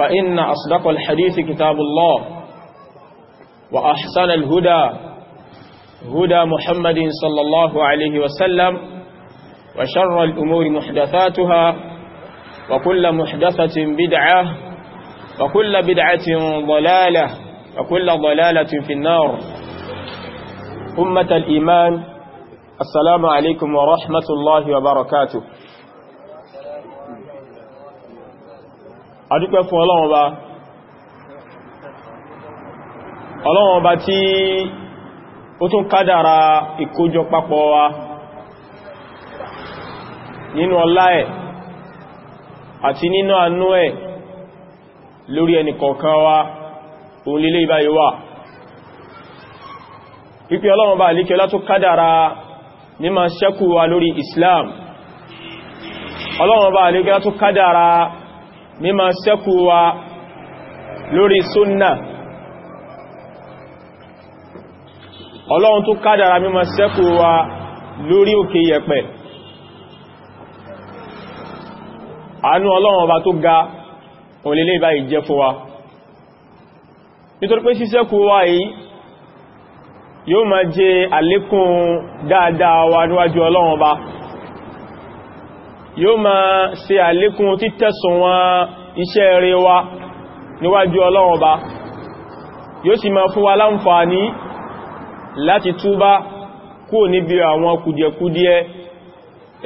فإن أصدق الحديث كتاب الله وأحسن الهدى هدى محمد صلى الله عليه وسلم وشر الأمور محدثاتها وكل محدثة بدعة وكل بدعة ضلالة وكل ضلالة في النار أمة الإيمان السلام عليكم ورحمة الله وبركاته adúpẹ́ fún ọlọ́run ọba tí ó tún kádàrà ìkójọ papọ̀ wa nínú ọlá ẹ̀ àti nínú àánú ẹ̀ lórí ẹnìkọ̀ọ̀kan wa òun lílé ìbáyé wà wípé ọlọ́run ọba àlíkẹ́ látún kádàrà ní ma ṣẹ́kù wa lórí Islam ọlọ́run àlíkẹ́ látún kádàrà mímọ̀ sẹ́kù wa lórí súnnà ọlọ́run tó kádàrà mímọ̀ sẹ́kù wa lórí òkè yẹ̀pẹ̀ àánú ọlọ́run ọba tó ga òlélé báyìí jẹ́ fún wa nítorí pé sísẹ́kù wa yìí yóò máa jẹ àlékún dáadáa wa níwájú ọlọ́run ọba yóò máa ṣe àlékún títẹ̀sùn wọn iṣẹ́ rere wa níwájú Ọlọ́run Ọba yóò sì máa fún wa láǹfààní láti túbá kúrò níbi àwọn kùdìẹ̀kùdìẹ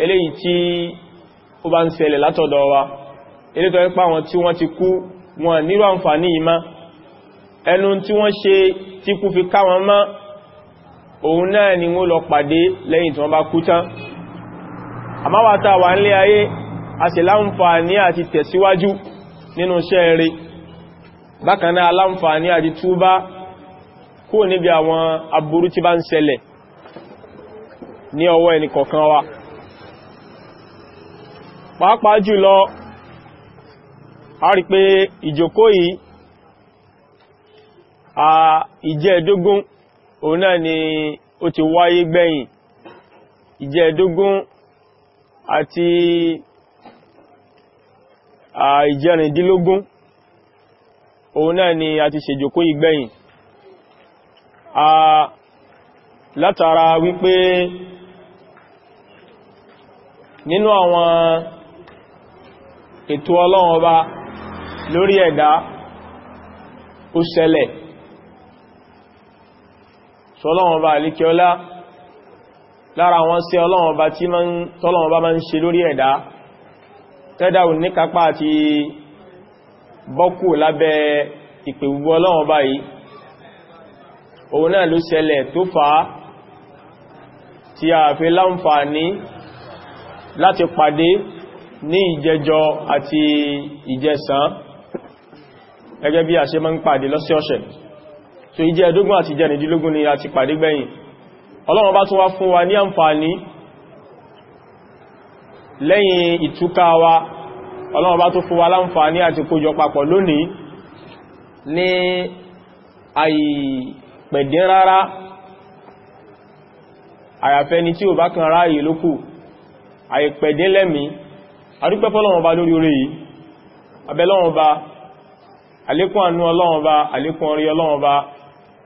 eléyìí tí ó bá ń ṣẹlẹ̀ látọ̀dọ̀ wa eléyìí tó pa àwọn tí wọ́n ti kú wọn nírú àǹfààní yìí ẹnu tí wọ́n ṣe tí kú fi ká wọn mọ́ òun náà ni wọ́n lọ pàdé lẹ́yìn tí wọ́n bá kú tán àmáwàtà wà ń lé ayé a sì láǹfààní àti tẹ̀síwájú nínú iṣẹ́ rẹ̀ bákan náà aláǹfààní àti túbá kúrò níbi àwọn aburú tí bá ń ṣẹlẹ̀ ní ọwọ́ ẹnìkọ̀ọ̀kan wa pàápàá jùlọ a rí pé ìjókòó yìí a ìjẹ́ẹ̀dógún òun náà ni ó ti wáyé gbẹ̀yìn ìjẹ́ẹ̀dógún àti ìjẹrìndínlógún òun náà ni a ti ṣèjòkó ìgbẹ̀yìn a látara wípé nínú àwọn ètò ọlọ́run ọba lórí ẹ̀dá ó ṣẹlẹ̀ sọ́lọ́run ọba àlíkẹ́ọlá lára àwọn sí ọlọ́wọ́n bá tí tọ́lọ́wọ́n bá máa ń ṣe lórí ẹ̀dá tẹ́dà ò ní kápá àti bọ́kù lábẹ́ ìpè gbogbo ọlọ́wọ́n báyìí òun náà ló ṣẹlẹ̀ tó fà tí a fi láǹfààní láti pàdé ní ìjẹjọ àti ìjẹsàn gẹ́gẹ́ bí a ṣe máa ń pàdé lọ́sọ̀ọ̀sẹ̀ so ìjẹ́ ẹ̀dógún àti ìjẹ́ ni a ti ọlọ́run bá tún wá fún wa ní àǹfààní lẹ́yìn ìtúká wa ọlọ́run bá tún fún wa láǹfààní àti kójọ papọ̀ lónìí ní àìpẹ̀dín rárá àyàfẹ́ ni tí ò bá kan ráyè lókù àìpẹ̀dín lẹ́mí adúpẹ́ fọ́lọ́run bá lórí orí yìí abẹ́lọ́run bá àlékún àánú ọlọ́run bá àlékún orí ọlọ́run bá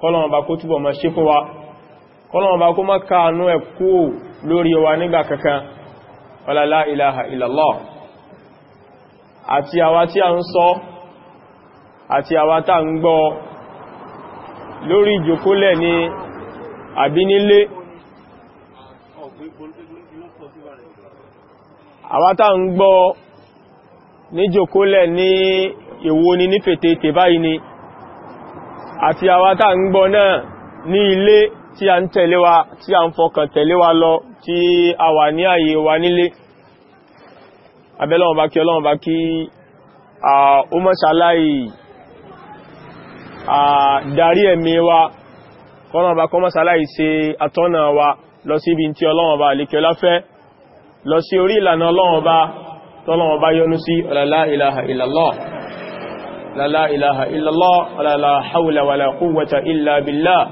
kọ́lọ́run bá kó túbọ̀ máa ṣe fún wa kọlọ̀wọ̀n bá kó má káànú ẹ̀ kú lórí wa nígbà kankan wala la ilaha illallah àti àwa tí a ń sọ àti àwa tá ń gbọ́ lórí ìjòkólẹ̀ ni àbí nílé tá ń gbọ́ ní jòkólẹ̀ ní èwo ni ní fètè tè ni àti àwa tá ń gbọ́ náà ní ilé tí a ń tẹ̀lé wa tí a ń fọkàn tẹ̀lé wa lọ tí a wà ní ààyè wa nílé abẹ́lọ́wọ̀n bá kí ọlọ́wọ̀n bá kí ó mọ́ṣàláì darí ẹ̀mí wa kọ́lọ́wọ̀n bá kọ́ mọ́ṣàláì ṣe atọ́nà wa lọ sí ibi tí ọlọ́wọ̀n bá lè kí ọlá fẹ́ lọ sí orí ìlànà ọlọ́wọ̀n bá tọ́lọ́wọ̀n ilaha illallah la ilaha illallah la hawla wala illa billah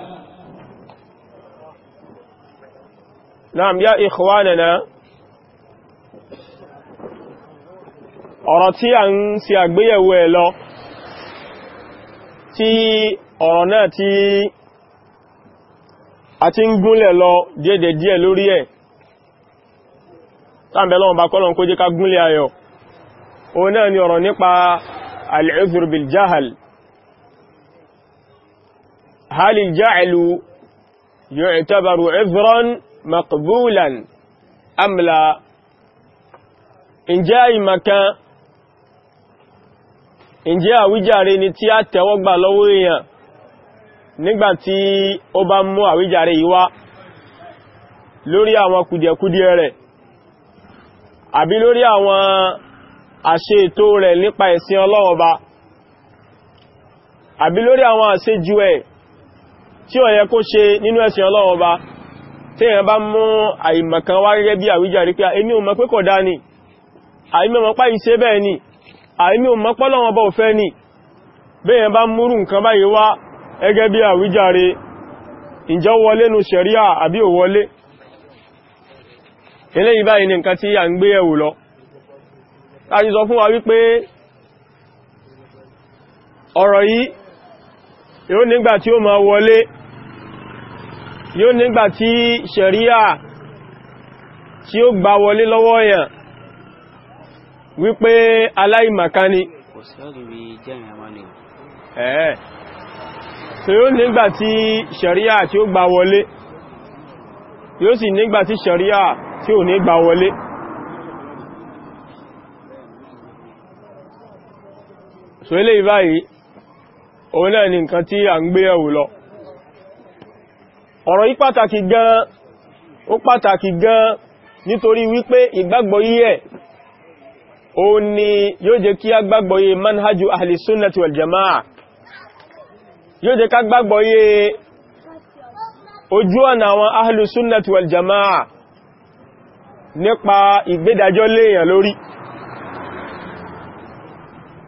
نعم يا إخواننا ọ̀rọ̀ tí a ń ṣe àgbéyẹ̀wò ẹ̀ lọ tí ọ̀rọ̀ náà tí a ti ń gúnlẹ̀ lọ díẹ̀dẹ̀ díẹ̀ lórí ẹ̀ táàbẹ̀lọ́wọ̀n bá kọ́lọ̀ kó jẹ́ ká gúnlẹ̀ ayọ̀ o náà ni ọ̀rọ̀ nípa al-udhr مقبولا amla ǹjẹ́ ìmọ̀kan ǹjẹ́ àwíjàre ni tí a tẹ́wọ́gbà lọ́wọ́ èèyàn nígbàtí ó bá mú àwíjàre yìí wá lórí àwọn kùdìẹ̀kùdìẹ̀ rẹ̀ àbí lórí àwọn àṣe ètò rẹ̀ nípa ẹ̀sìn ọlọ́ọ̀ba àbí lórí àwọn àṣejù ẹ̀ tí ó kó ṣe nínú ẹ̀sìn ọlọ́ọ̀ba tí èyàn bá mú àìmọ̀kan wá gẹ́gẹ́ bí àwíjàre pé èmi ò mọ̀ pé kò dá ni àìmọ̀ mọ̀ pa iṣẹ́ bẹ́ẹ̀ ni àìmọ̀ mọ̀ pọ́lọ́wọ́n bọ́ fẹ́ ni bẹ́yàn bá múrù nǹkan báyìí wá gẹ́gẹ́ bí àwíjàre ǹjẹ́ wọlé nu ṣẹ̀ríà yóò nígbà tí ṣẹ̀ríà tí ó gbà wọlé lọ́wọ́ yàn wípé aláìmàkání ẹ̀ẹ́ tí yóò nígbà tí ṣẹ̀ríà tí ó gbà wọlé yóò sì nígbà tí ṣẹ̀ríà tí ò ní gbà wọlé so eléyìí báyìí òun náà ni nǹkan tí a ń gbé ẹ̀wù lọ ọ̀rọ̀ yìí pàtàkì gan ó pàtàkì gan nítorí wípé ìgbàgbọ́ yìí ẹ̀ ó ní yóò jẹ́ kí a gbàgbọ́ yìí manhajú ahli sunnati wal jama'a yóò jẹ́ ká gbàgbọ́ yìí ojú ọ̀nà àwọn ahli sunnati nípa ìgbédàjọ́ léèyàn lórí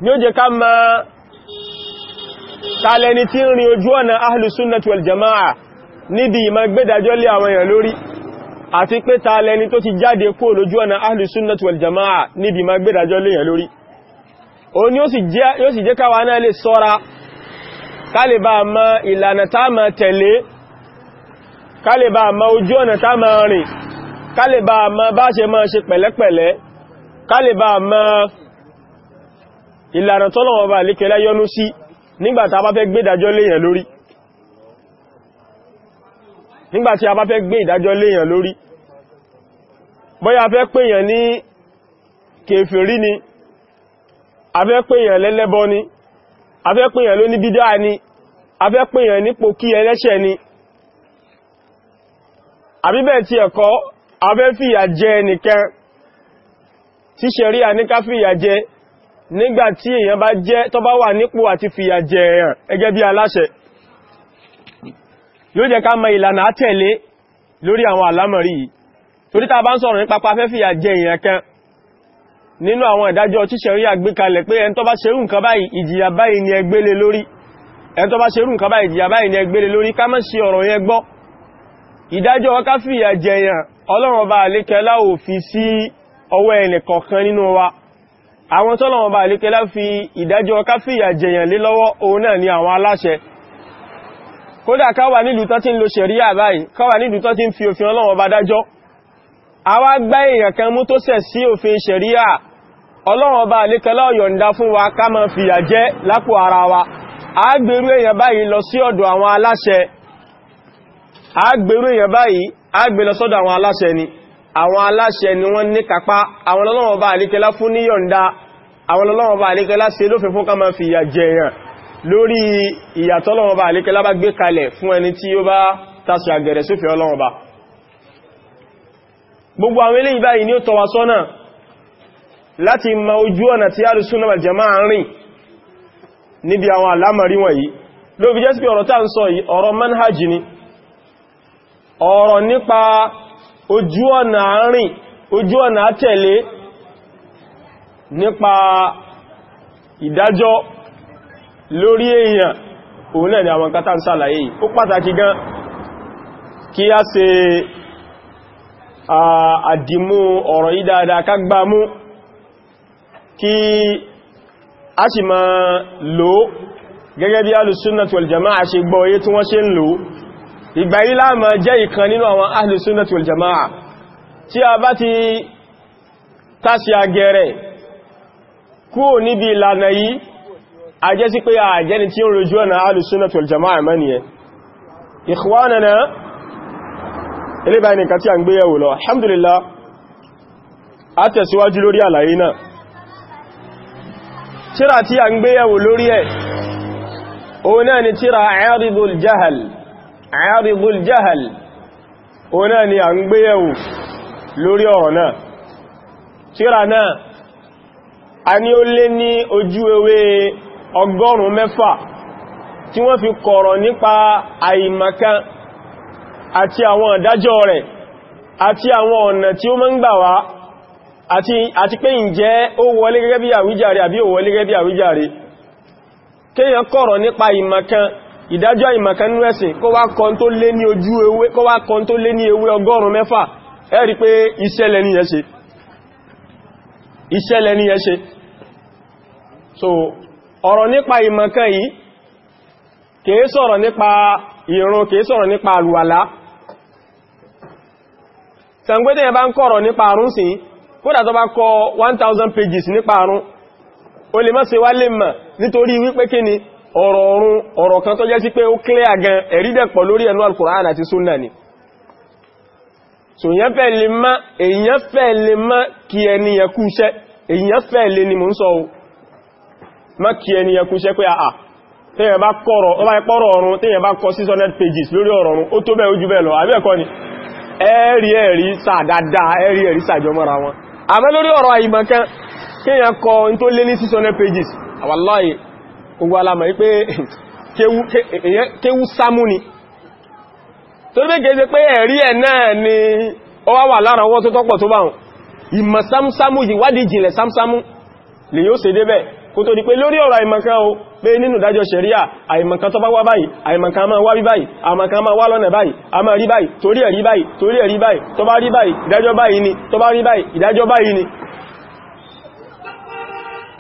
yóò jẹ́ tí ń rin ojú ọ̀nà ahli jama'a níbi ìmọ̀ gbẹ́dàjọ́ lé àwọn èèyàn lórí àti pé ta lẹni tó ti jáde kó lójú ọ̀nà ahlu jama'a níbi ìmọ̀ gbẹ́dàjọ́ lé èèyàn lórí ó ní yóò sì jẹ́ káwa náà lè sọ́ra kálẹ̀bà mọ ma tẹ̀lé kálẹ̀bà mọ ojú ọ̀nà ma rìn kálẹ̀bà mọ bá ṣe máa ṣe pẹ̀lẹ́pẹ̀lẹ́ kálẹ̀bà mọ ìlànà tọ́lọ̀wọ̀ bà líkẹ́lẹ́ yọnú sí nígbàtà bá fẹ́ gbẹ́dàjọ́ lé èèyàn lórí nígbàtí a bá fẹ́ gbé ìdájọ́ léèyàn lórí bóyá a fẹ́ pèèyàn ní kèfèrí ni a fẹ́ pèèyàn lẹ́lẹ́bọ ni a fẹ́ pèèyàn lóní bídá ni a fẹ́ pèèyàn nípò kí ẹlẹ́ṣẹ̀ ni àbíbẹ̀ tí ẹ̀kọ́ a fẹ́ fìyà jẹ ẹnìkan tí ṣẹ̀rí àníká fìyà jẹ nígbàtí èèyàn bá jẹ́ tó bá wà nípò àti fìyà ẹ̀yàn gẹ́gẹ́ bí aláṣẹ yóò jẹ́ ká mọ ìlànà àtẹ̀lé lórí àwọn àlámọ̀rí yìí torí tá bá ń sọ̀rọ̀ nípa pa fẹ́fìyà jẹ èèyàn kan nínú àwọn ìdájọ́ tíṣẹ̀rí àgbékalẹ̀ pé ẹn tó ni ẹgbélé lórí ẹn tó bá ṣerú nǹkan báyìí ìjìyà báyìí ni ẹgbélé lórí ká má ṣe ọ̀rọ̀ yẹn gbọ́ ìdájọ́ ká fìyà jẹyàn ọlọ́run ọba àlékẹ́lá ò fi sí ọwọ́ ẹnì kọ̀ọ̀kan nínú wa àwọn tọ́lọ́run ọba àlékẹ́lá fi ìdájọ́ ká fìyà jẹyàn lé lọ́wọ́ òun náà ni àwọn aláṣẹ kódà káwà nílùú tán tí ń lo ṣẹ̀ríà báyìí káwà nílùú tán tí ń fi òfin ọlọ́wọ́ bá dájọ́ a wá gbá èèyàn kan mú tó ṣẹ̀ sí òfin ṣẹ̀ríà ọlọ́wọ́ bá lékẹ́lá ọ̀yọ̀ǹda fún wa ká máa fìyà jẹ lápò ara wa a gbèrú èèyàn báyìí lọ sí ọ̀dọ̀ àwọn aláṣẹ ni àwọn aláṣẹ ni wọ́n ní kápá àwọn ọlọ́wọ́ bá lékẹ́lá fún níyọ̀ǹda àwọn ọlọ́wọ́ bá lékẹ́lá ṣe lófin fún ká máa fìyà jẹ èèyàn lórí ìyàtọ̀ ọlọ́wọ́ba àlékẹ́ lábá gbé kalẹ̀ fún ẹni tí ó bá tàṣì àgẹ̀rẹ̀ sófẹ́ ọlọ́wọ́ba gbogbo àwọn eléyìí báyìí ni ó tọ́ wa sọ́nà láti ma ojú ọ̀nà tí a lùsùn náà jẹ rìn níbi àwọn alámàrí wọ̀nyí ni ọ̀rọ̀ nípa ojú ọ̀nà rìn ojú ọ̀nà tẹ̀lé nípa ìdájọ́ lórí èèyàn òun náà ni àwọn kátà ń sàlàyé ó pàtàkì gan kí a ṣe àdìmú ọ̀rọ̀ yìí dáadáa ká gbá mú kí a sì ma lò gẹ́gẹ́ bí alùsúnnàtì wal-jama'a ṣe gbọ́ oyé tí wọ́n ṣe ń lò ìgbà yìí láàmà jẹ́ ìkan nínú àwọn alùsúnnàtì wal tí a bá ti tásí agẹrẹ kúrò níbi ìlànà yìí a jẹ́ sí pé a jẹ́ni tí ń rojú ọ̀nà alùsúnà fi aljama'a mẹ́ni ẹ ikhwanana ilé báyìí nìkan tí a ń gbé yẹ̀wò lọ alhamdulillah a tẹ̀síwájú lórí àlàyé náà tíra tí a ń gbé yẹ̀wò lórí ẹ̀ òun náà ni tíra a'ridul jahal ni ó lé ní ojú ewé ọgọ́rùn mẹ́fà tí wọ́n fi kọ̀rọ̀ nípa àìmọ̀kan àti àwọn ìdájọ́ rẹ̀ àti àwọn ọ̀nà tí ó máa ń gbà wá àti pé ǹjẹ́ ó wọlé gẹ́gẹ́ bí àwíjàre àbí ó wọlé gẹ́gẹ́ bí àwíjàre kéèyàn kọ̀rọ̀ nípa ìmọ̀kan ìdájọ́ ìmọ̀kan nínú ẹ̀sìn kó wá kan tó lé ní ojú ewé kó wá kan tó lé ní ewé ọgọ́rùn mẹ́fà ẹ pé ìṣẹ̀lẹ̀ ní ẹ̀ṣe ìṣẹ̀lẹ̀ ní ẹ̀ṣe so ọ̀rọ̀ nípa ìmọ̀kan yìí kìí sọ̀rọ̀ nípa ìrun kìí sọ̀rọ̀ nípa àlùwàlá sàngbẹ́tẹ̀ yẹ bá ń kọ̀rọ̀ nípa àrùn sí kódà tó bá kọ 1000 pages nípa àrùn o lè mọ́ sí wá lè mọ̀ nítorí wípé kí ni ọ̀rọ̀ ọ̀run kan tó jẹ́ sí pé ó clear lórí ẹnu àti ni fẹ́ lè èyàn fẹ́ lè kí ẹni iṣẹ́ má kí ẹni ẹkúṣẹ́ pé àà tẹ́yàn bá kọ́rọ̀ ọba ẹpọ́rọ̀ ọ̀run tẹ́yàn bá kọ 600 pages lórí ọ̀rọ̀ ọ̀run ó tó bẹ́ẹ̀ ojú bẹ́ẹ̀ lọ àbẹ́ẹ̀kọ́ ni ẹ̀rí ẹ̀rí sàdáadáa ẹ̀rí ẹ̀rí sàjọmọ́ra wọn àmẹ́ lórí ọ̀rọ̀ àìmọ̀kan kíyàn kọ in tó lé ní 600 pages wallahi gbogbo alamọ̀ wípé kéwú sámú ni tó rí kéèsé pé ẹ̀rí ẹ̀ náà ni ó wá wà lára ọwọ́ tó tọ́pọ̀ tó báhùn ìmọ̀ sámúsámú ìwádìí lè yóò ṣe débẹ̀ kò tó di pé lórí ọ̀rọ̀ àìmọ̀kan o pé nínú ìdájọ́ sẹ̀ríà, àìmọ̀kan tó bá wá báyìí àìmọ̀kan máa wá rí báyìí àmọ̀kan máa wá lọ́nà báyìí a máa rí báyìí torí ẹ̀rí báyìí torí ẹ̀rí báyìí tó bá rí báyìí ìdájọ́ báyìí ni tó bá rí báyìí ìdájọ́ báyìí ni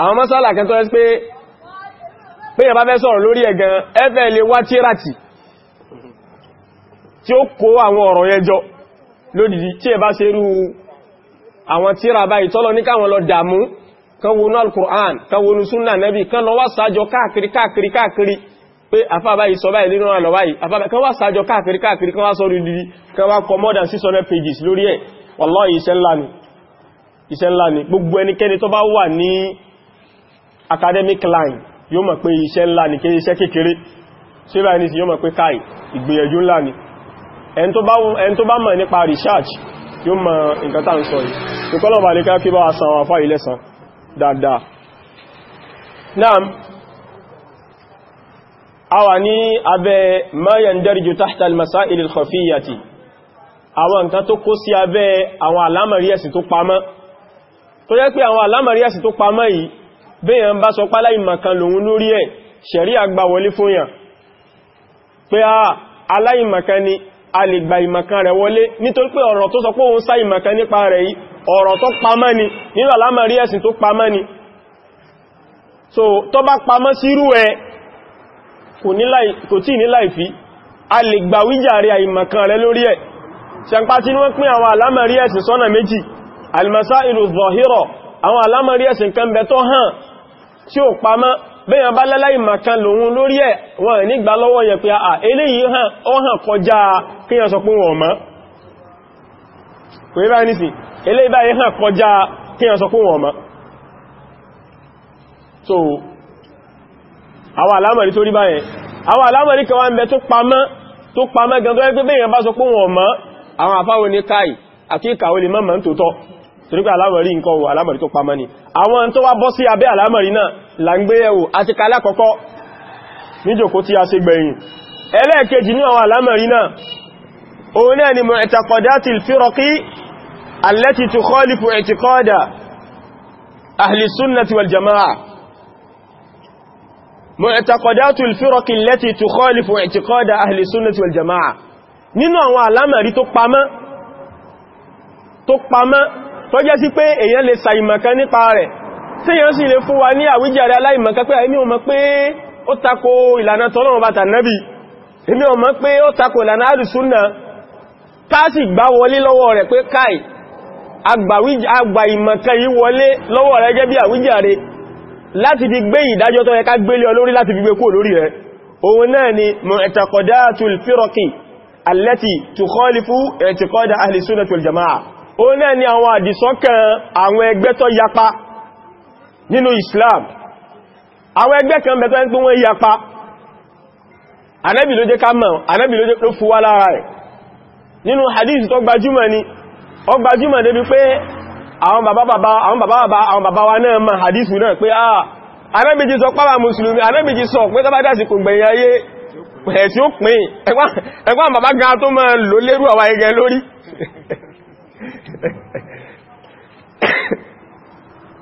àwọn masala kan tó ẹ́ pé pé lórí ẹ àwọn tíra báyìí tọ́lọ ní káwọn lọ dàmú kan wọnú al-Qur'an kan wọnú súnà nẹ́bí kan lọ wá sájọ káàkiri káàkiri káàkiri pé afábáyì sọ báyìí nínú àlọ́ báyìí kan wá sájọ káàkiri káàkiri kan wá sọ rí lírí kan wá kọ more than 600 pages lórí ẹ̀ wallahi iṣẹ́ ńlá ni iṣẹ́ ńlá ni gbogbo ẹnikẹ́ni tó bá wà ní academic line yóò mọ̀ pé iṣẹ́ ńlá ni kí iṣẹ́ kékeré ṣe báyìí nìsí yóò mọ̀ pé káì ìgbìyànjú ńlá ni ẹni tó bá mọ̀ nípa research yóò mọ̀ nǹkan tá ń sọ yìí dáadáa naam a wà ní abẹ́ mayan darijo tahta al-masail al-khafiyyati àwọn nǹkan tó kó sí abẹ́ àwọn alámàrí ẹ̀sìn tó pamọ́ tó jẹ́ pé àwọn alámàrí ẹ̀sìn tó pamọ́ yìí bẹ́yàn bá sọ pálá ìmọ̀kan lòun lórí ẹ̀ ṣẹ̀rí àgbà wọlé fún yàn pé a ah, aláìmọ̀kan ni a lè gba ìmọ̀kan rẹ̀ wọlé nítorí pé ọ̀rọ̀ tó sọ pé òun sá ìmọ̀kan nípa rẹ̀ yìí ọ̀rọ̀ tó pamọ́ ni nínú àlámọ̀rí ẹ̀sìn tó pamọ́ ni so tó bá pamọ́ sírú ẹ kò tí ní láìfí a lè gba wíjàre àìmọ̀kan rẹ̀ lórí ẹ̀ ṣẹ̀pá tí wọ́n pín àwọn àlámọ̀rí ẹ̀sìn sọ́nà méjì almasailu zọ̀hírọ̀ àwọn àlámọ̀rí ẹ̀sìn kan bẹ tó hàn tí ò pamọ́ bẹ́yàn bá lẹ́láì màkan lòun lórí ẹ̀ wọ́n nígbà lọ́wọ́ yẹn pé àà ah, eléyìí hàn ó hàn kọjá kíyàn sọ pé wọ́n mọ́ kò a báyìí nìsìn eléyìí báyìí hàn kọjá kíyàn sọ pé wọ́n mọ́ so àwọn alámọ̀rí tó rí báyẹn àwọn alámọ̀rí kan ń bẹ tó pamọ́ tó pamọ́ gan tó bẹ́yàn bá sọ pé wọ́n mọ́ ní káì àti lè torípé ni àwọn tó làǹgbéyẹ̀wò àti kalákọ́kọ́ níjòkó tí a ṣe gbẹ̀yìn ẹlẹ́ẹ̀kejì ní àwọn alámẹ̀rí náà òun náà ni mu'taqadati al-firaqi allati tukhalifu i'tiqada ahli sunnati wal jama'a mu'taqadati al-firaqi allati tukhalifu i'tiqada ahli sunnati wal jama'a nínú àwọn tó jẹ́ sí pé èèyàn lè sàìmọ̀kan nípa rẹ̀ tí yẹn sì lè fún wa ní àwíjàre aláìmọ̀ká pé èmi ò mọ̀ pé ó tako ìlànà tọ́lọ́run bàtà nẹ́bì èmi ò mọ̀ pé ó tako ìlànà àdùsúnnà táàsì gbá wọlé lọ́wọ́ rẹ̀ pé káì àgbà ìmọ̀ká yí wọlé lọ́wọ́ rẹ̀ gẹ́ bí àwíjàre láti fi gbé ìdájọ́ tó yẹ ká gbélé olórí láti fi gbé kúrò lórí rẹ̀ òun náà ni mu'taqadatul firqi allati tukhalifu i'tiqada ahli sunnah wal jama'a òun náà ni àwọn àdìsọ́kàn àwọn ẹgbẹ́ tó yapa nínú Islam àwọn ẹgbẹ́ kan bẹ̀tọ́ ń pín wọ́n yapa Ànábì ló jẹ́ ká mọ̀ Ànábì ló jẹ́ ló fúwá lára rẹ̀ nínú hadith tó gbajúmọ̀ ni ó gbajúmọ̀ débi pé àwọn bàbá bàbá àwọn bàbá bàbá àwọn bàbá wa náà mọ̀ hadith náà pé ah Ànábì ti sọ pára mùsùlùmí Ànábì ti sọ pé tọ́bá dásì kò gbẹ̀yìn ayé ẹ̀sí ó pín ẹgbọ́n bàbá gan tó mọ́ lò lérú àwọn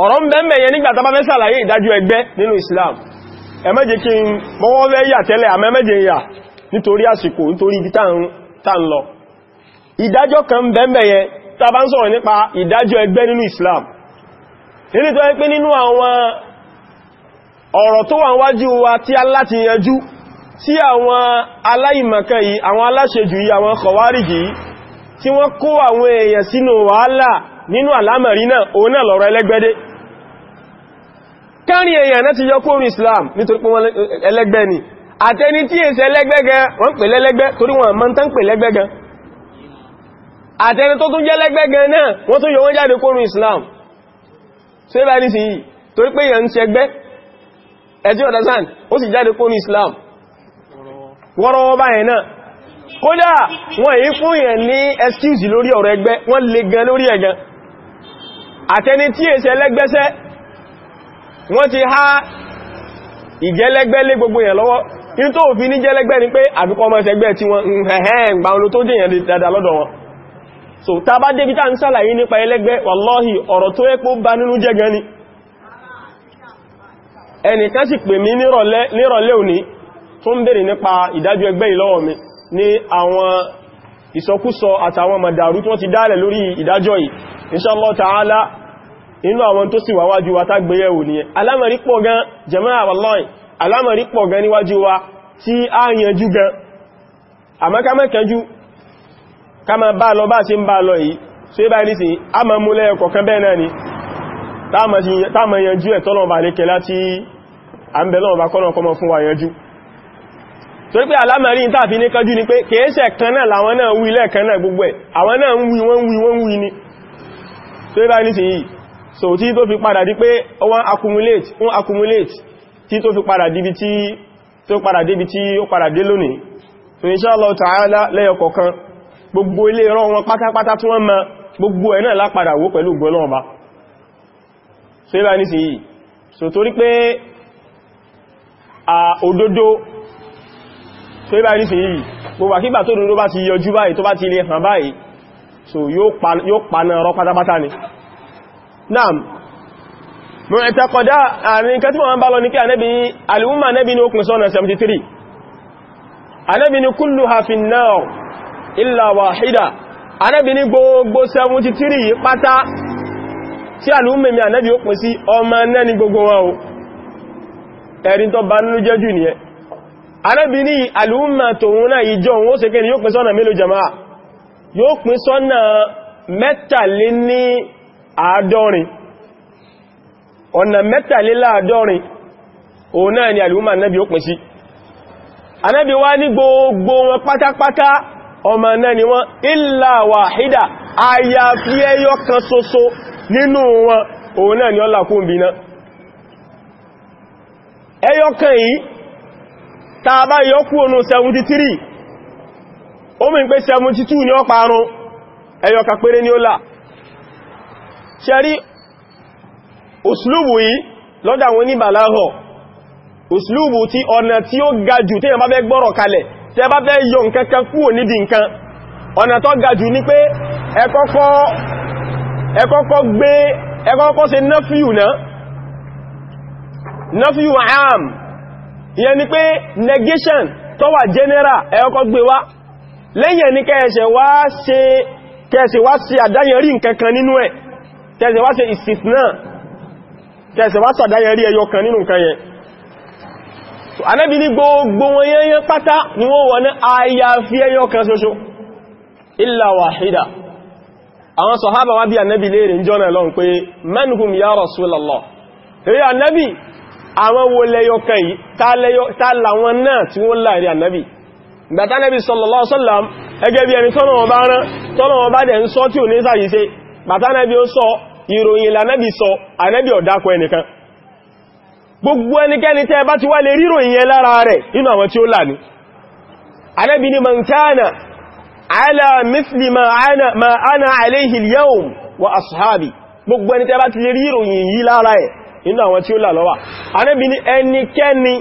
ọ̀rọ̀ ń bẹ́ẹ̀ yẹn nígbà tàbá fẹ́ sàlàyé ìdájọ́ ẹgbẹ́ nínú Islam ẹmẹ́jẹ kí n mọ́wọ́ fẹ́ yà tẹ́lẹ̀ àmẹ́mẹ́jẹ yà nítorí àsìkò nítorí ibi tá ń lọ ìdájọ́ kan bẹ́ẹ̀ yẹn Islam nínú tó yẹ pé nínú àwọn ọ̀rọ̀ tó wa tí a láti yanjú tí àwọn aláìmọ̀kan yìí àwọn aláṣejù yìí àwọn kọ̀wárìjì yìí tí wọ́n kó àwọn èèyàn sínú wàhálà nínú àlámẹ̀rí náà òun náà lọ̀rọ̀ ẹlẹ́gbẹ́dé kárí èèyàn náà ti yọ kúrò Islam nítorí pé wọ́n ẹlẹ́gbẹ́ ni àtẹni tí èsì ẹlẹ́gbẹ́ gan wọ́n pè lẹ́lẹ́gbẹ́ torí wọ́n mọ́ tán pè lẹ́gbẹ́ Islam ṣé bá ní sí yìí torí pé èèyàn ń ṣẹgbẹ́ Islam wọ́rọ́wọ́ báyẹn náà kódà wọ́n èyí fún èèyàn ní excuse lórí ọ̀rọ̀ ẹgbẹ́ wọ́n le gan lórí ẹ̀gan àtẹni tí èsẹ ẹlẹ́gbẹ́sẹ́ wọ́n ti ha ìjẹ́lẹ́gbẹ́ lé gbogbo èèyàn lọ́wọ́ in tó fi ní jẹ́lẹ́gbẹ́ ni pé àdúkọ ọmọ ẹsẹgbẹ́ tí wọ́n ẹ̀hẹ́n gbà olú tó jẹ́yàn dada lọ́dọ̀ wọn so ta bá débi tá ń sàlàyé nípa ẹlẹ́gbẹ́ wàlọ́hì ọ̀rọ̀ tó ẹ́pó bá nínú ìsọkúsọ àtàwọn màdàrú tí wọ́n ti dálẹ̀ lórí ìdájọ́ yìí awọn ta'ala inú àwọn tó sì wáwájú wa tágbéyẹ̀wò nìyẹn alámàrí gan jama'a wallahi alámàrí pọ̀ gan níwájú wa a yanjú gan àmọ́ ká má kánjú ká lọ lọ a ma mú lẹ́yọ torí pé alámẹ́rin tàà fi ní kánjú ni pé kèéṣẹ̀ kan náà làwọn náà wí lẹ́ẹ̀kan náà gbogbo ẹ̀ àwọn náà ń wí wọ́n wí wọ́n wí ni tó bá ní sí yìí so tí tó fi padà di pé wọ́n accumulate wọ́n accumulate tí tó fi padà débi tí tó padà débi tí ó padà dé lónìí so insha Allah ta'ala lẹ́yọ kọ̀ọ̀kan gbogbo ilé rán wọn pátápátá tí wọ́n ma gbogbo ẹ̀ náà lápadà wó pẹ̀lú so ibá ní sí so torí a òdodo so ibà ní fìyí gbogbo àkígbà tó dúró bá ti yọjú báyìí tó bá ti ilé hàn báyìí so yóò paná ọ̀rọ̀ pátápátá ni naam mọ̀ ẹ̀tẹ́kọ̀dá àrin kẹtí wọ́n bá lọ ní kí anẹ́bí alìwúmà anẹ́bí ní okùn sọ́nà 73 anẹ́bí ní kúlù hafin náà illa wahida anẹ́bí ní gbogbo 73 pátá tí alìwúmà mi anẹ́bí okùn sí ọmọ anẹ́ni gbogbo wọn o ẹ̀rin tó bá nínú jẹ́jù nìyẹn arábìnrin alúmà tòun náà ìjọ òun ó se kéni yóò pín sọ́nà mélòó jama'a yóò pín sọ́nà mẹ́tàléní àádọ́rin ọ̀nà mẹ́tàléláàádọ́rin òun náà ni alúmà náà bí ó pín sí anábi wá ní gbogbo wọn pátápátá ọmọ náà ni wọ́n illa wahida àyàfi ẹyọ kan soso nínú wọn òun náà ni ọlá ẹyọ kan yìí ta bá yọ kú ònú 73 ó pé 72 ni ó parun ẹyọ kan ni ó là ṣẹ́rí òsìlúbù yìí lọ́dà wọn ní bàláhọ̀ òsìlúbù tí ọ̀nà tí ó ga jù tí ẹ̀bá fẹ́ gbọ́rọ̀ kalẹ̀ tí yọ nǹkan kan kúrò ìyẹn ni pé negation tó wà general ẹ̀ọ́kọ́ gbé wá lẹ́yìn ẹni kẹ́ẹ̀ṣẹ̀ wá ṣe kẹ́ẹ̀ṣẹ̀ wá ṣe àdáyẹrí nkankan nínú ẹ̀ kẹ́ẹ̀ṣẹ̀ wá ṣe ìsìtìnà kẹ́ẹ̀ṣẹ̀ wá ṣàdáyẹrí ẹyọ kan nínú nkan yẹn Ànábì ní gbogbo wọn yẹnyẹn pátá ni wọ́n wọ́n ní àyàfi ẹyọ kan ṣoṣo illa wahida àwọn sọ̀hábà wá bí Ànábì léèrè ń jọ́nà lọ́n pé man hum ya Rasulallah àwọn wo lẹ́yọ kan yìí tá làwọn náà tí wọ́n láàrin ànábì gbàtá nẹ́bí sallallahu alaihi wasallam ẹgẹ́ bí ẹni tọ́nà ọba rán tọ́nà ọba dẹ̀ ń sọ tí ò ní sàyí sí gbàtá nẹ́bí ó sọ ìròyìn lànẹ́bí sọ ànẹ́bí ọ̀dákọ ẹnìkan gbogbo ẹnikẹ́ni tẹ́ bá ti wá lè ríròyìn ma ana alayhi al wa ashabi gbogbo ẹni tẹ́ bá ti lè ríròyìn yìí lára ẹ̀ nínú àwọn tí ó là lọ́wà Ànábì ní ẹnikẹ́ni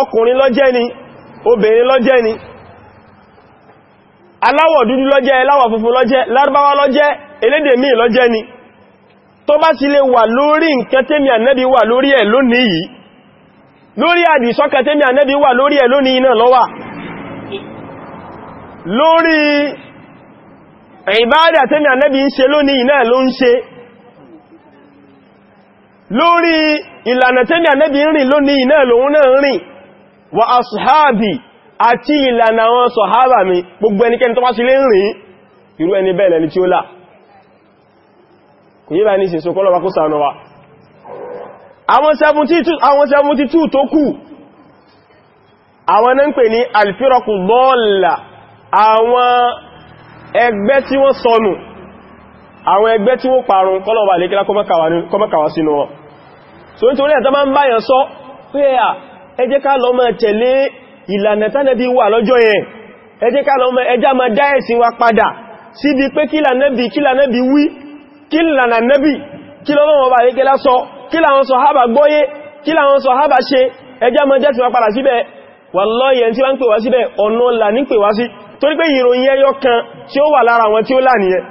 ọkùnrin lọ́jẹ́ ni obìnrin lọ́jẹ́ ni aláwọ̀ dúdú lọ́jẹ́ aláwọ̀ funfun lọ́jẹ́ lárúbáwá lọ́jẹ́ elédè míì lọ́jẹ́ ni tó bá ti lè wà lórí nǹkan tẹ́mi wà lórí ẹ̀ lónìí lórí ìlànà tẹ́lẹ̀ ànẹ́bì rìn lónìí iná lòun náà rìn wa ashabi àti ìlànà àwọn sọ̀hábà mi gbogbo ẹnikẹ́ni tó wá sí lé rìn irú ẹni bẹ́ẹ̀lẹ̀ ni tí ó là kò yíba ní ìsìnkú ọlọ́wà kó sànà wa àwọn 72 tó kù àwọn náà ń pè ní alfiraku dọ́ọ̀lá àwọn ẹgbẹ́ tí wọ́n sọnù àwọn ẹgbẹ́ tí wọ́n parun kọlọ̀wà lè kíra kọmọ́kàwà sínú wọn so nítorí ẹ̀ tó bá ń báyàn sọ pé à ẹ jẹ́ ká lọ máa tẹ̀lé ìlànà tánàbí wà lọ́jọ́ yẹn ẹ jẹ́ ká lọ máa ẹjá máa dá ẹ̀sìn wa padà síbi pé kí lànàbí kí lànàbí wí kí lànàbí kí lọ́wọ́ bá yẹ́gẹ́ lásọ kí làwọn sàhábà gbọ́yé kí làwọn sàhábà ṣe ẹjá máa jẹ́sìn wa padà síbẹ̀ wallahi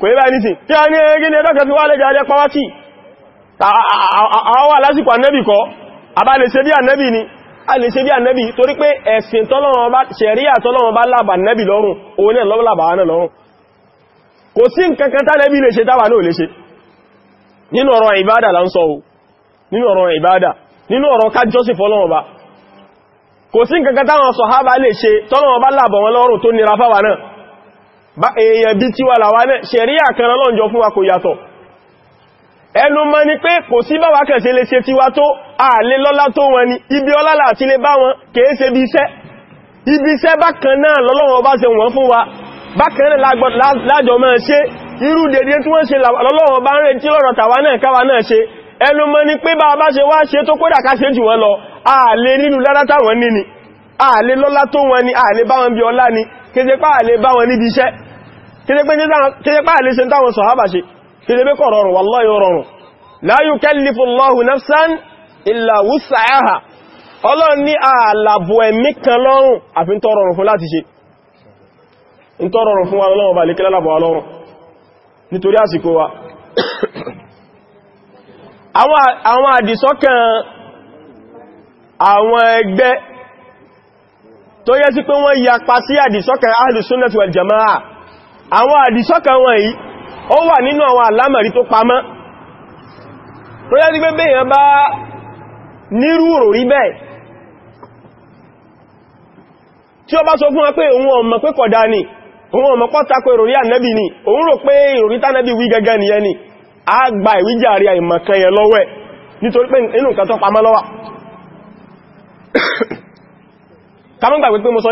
kò yí báyìí nìsìn tí a ní ẹgbẹ́ ní ẹ̀dọ́kẹ́ fi wá lẹ́jẹ́ lè ṣe bí ànẹ́bì a lè ṣe bí ànẹ́bì torí pé ẹ̀sìn ṣẹ̀ríà tọ́lọ́wọ́n bá lábà ànẹ́bì lọ́rùn òun náà lọ́lọ́bà ánà lọ́rùn kò sí nǹkankan tánẹ́bì lè ṣe táwa náà lè ṣe nínú ọ̀rọ̀ ìbádà là ń sọ nínú ọ̀rọ̀ ìbádà nínú ọ̀rọ̀ ká jọ́sìn fọ́lọ́wọ́n bá kò sí nǹkankan táwọn sọ̀hábà lè ṣe tọ́lọ́wọ́n bá lábà wọn lọ́rùn tó èèyàn bí tí wà làwà náà ṣẹ̀ríà kan lọ́njọ fún wa kò yàtọ̀ ẹnu mọ́ ni pé kò sí bá wákẹ̀ sí lè ṣe tiwa tó ààlé lọ́lá tó wọn ni ibi ọlálà àti lè bá wọn kèé ṣe bí iṣẹ́ ibi iṣẹ́ bákan náà lọ́lọ́wọ́ bá ṣe wọ́n fún wa bákan náà lájọ máa ṣe irú ni pé bá bá ṣe wá ṣe tó kódà ká ṣe jù wọ́n lọ pá ààlé bá wọn níbi iṣẹ́ kéjẹ́pá àlè ṣe táwọn sọ̀hábà ṣe kéjẹ́pé kọ̀ rọrùn wallahi rọrùn la yukallifu Allahu nafsan illa wus'aha ọlọ́run ní ààlàbò ẹ̀mí kan lọ́rùn àfi ń tọrọrùn fún láti ṣe ń tọrọrùn fún wa lọ́wọ́ bá lè kílá lábọ̀ ọlọ́run nítorí àsìkò wa àwọn àdìsọ́kàn àwọn ẹgbẹ́ tó yẹ sí pé wọ́n yapa sí àdìsọ́kàn ahlus jama'a àwọn àdìsọ́kà wọn yìí ó wà nínú àwọn àlámọ̀rí tó pamọ́ tó yẹ́ sí pé bèèyàn bá nírú òrí bẹ́ẹ̀ tí ó bá sọ fún wọn pé òun ọmọ pé kọ̀dá ni òun ọmọ pọ́tako ìròrí ànẹ́bì ni òun rò pé ìròrí tánẹ́bì wí ni a gba ìwíjàrí àìmọ̀kan yẹn lọ́wọ́ ẹ̀ nítorí pé inú nǹkan tó pamọ́ lọ́wà kamọ́gbà pé mo sọ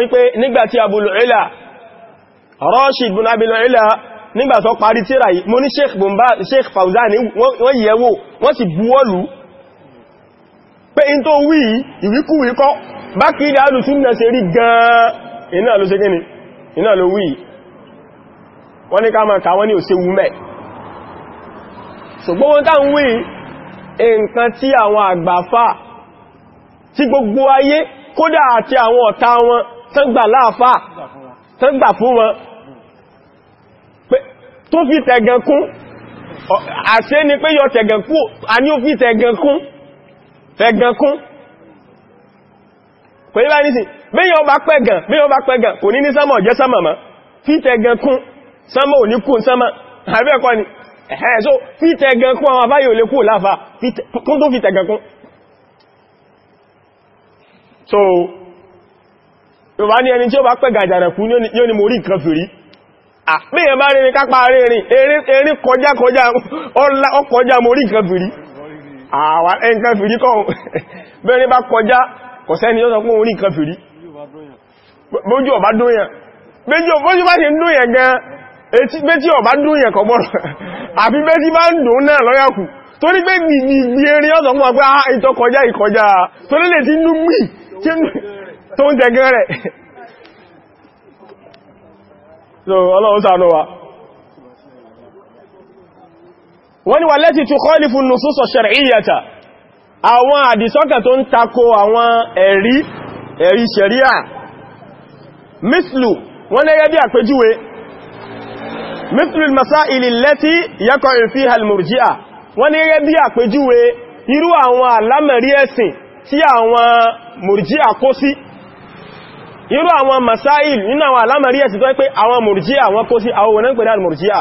Rashid bin Abil Ula nígbà parí tírà yìí mo ní Sheikh Bomba Sheikh Fawzani wọ́n yẹ̀wò wọ́n sì buwọ́lù pé in tó wí ìwíkúwí kọ́ bá kí ilẹ̀ alùsúnnà ṣe rí gan-an iná ló ṣe gíní iná ló wí wọ́n ní ká máa ká wọ́n ní ò ṣe wú mẹ́ ṣùgbọ́n wọ́n táwọn wí nǹkan tí àwọn àgbàfà tí gbogbo ayé kódà àti àwọn ọ̀tá wọn tán gbà láàfà tán gbà fún wọn tó fi tẹ̀gàn kún àṣẹ ni pé yọ tẹ̀gàn kún a ní ó fi tẹ̀gàn kún tẹ̀gàn kún kò ní bá ní sí bíyàn bá pẹ̀gàn bíyàn bá pẹ̀gàn kò ní ní sánmọ̀ jẹ́ sánmọ̀ mọ́ fi tẹ̀gàn kún sánmọ̀ ò ní kún sánmọ̀ àbẹ́ẹ̀kọ́ ni ẹ̀hẹ́ so fi tẹ̀gàn kún àwọn àbáyò lè kú láfà kún tó fi tẹ̀gàn kún so yóò bá ní ẹni tí ó bá pẹ̀gàn àjàrẹ̀kú yóò ni mo rí nǹkan fìrí àpéyàn bá rí kápá rírin erin kọjá kọjá ọkọjá mo rí nǹkan fìrí àwà ẹnkan fìrí kọ́ kọjá kò sẹ́ni yóò sọ pé orí nǹkan fìrí bójú ọ̀bá dóyàn bójú bá ṣe ń dóyàn gan bẹ́tí ọ̀bá dóyàn kọ bọ́rọ̀ bá ń dùn náà lọ́yàkù torí pé gbìgbì so ọlọ́run ṣàánú wa wọ́n ni wà lẹ́tí tó kọ́lífù nùsúsọ ṣẹ̀rẹ̀íyàta àwọn àdìsọ́kà tó ń takò àwọn ẹ̀rí ẹ̀rí ṣẹ̀ríà mislu wọ́n lẹ́yẹ́ bí àpéjúwe mislu masáìlì lẹ́tí yẹ́kọ̀ ìfí halmurji'a wọ́n ni gẹ́gẹ́ bí àpéjúwe irú àwọn alámẹ̀rí ẹ̀sìn tí àwọn murji'a kó sí irú àwọn masáìl nínú àwọn alámàrí ẹ̀sì tó pé àwọn mùrùjíà àwọn kó sí àwọn òwòrán pẹ̀lú mùrùjíà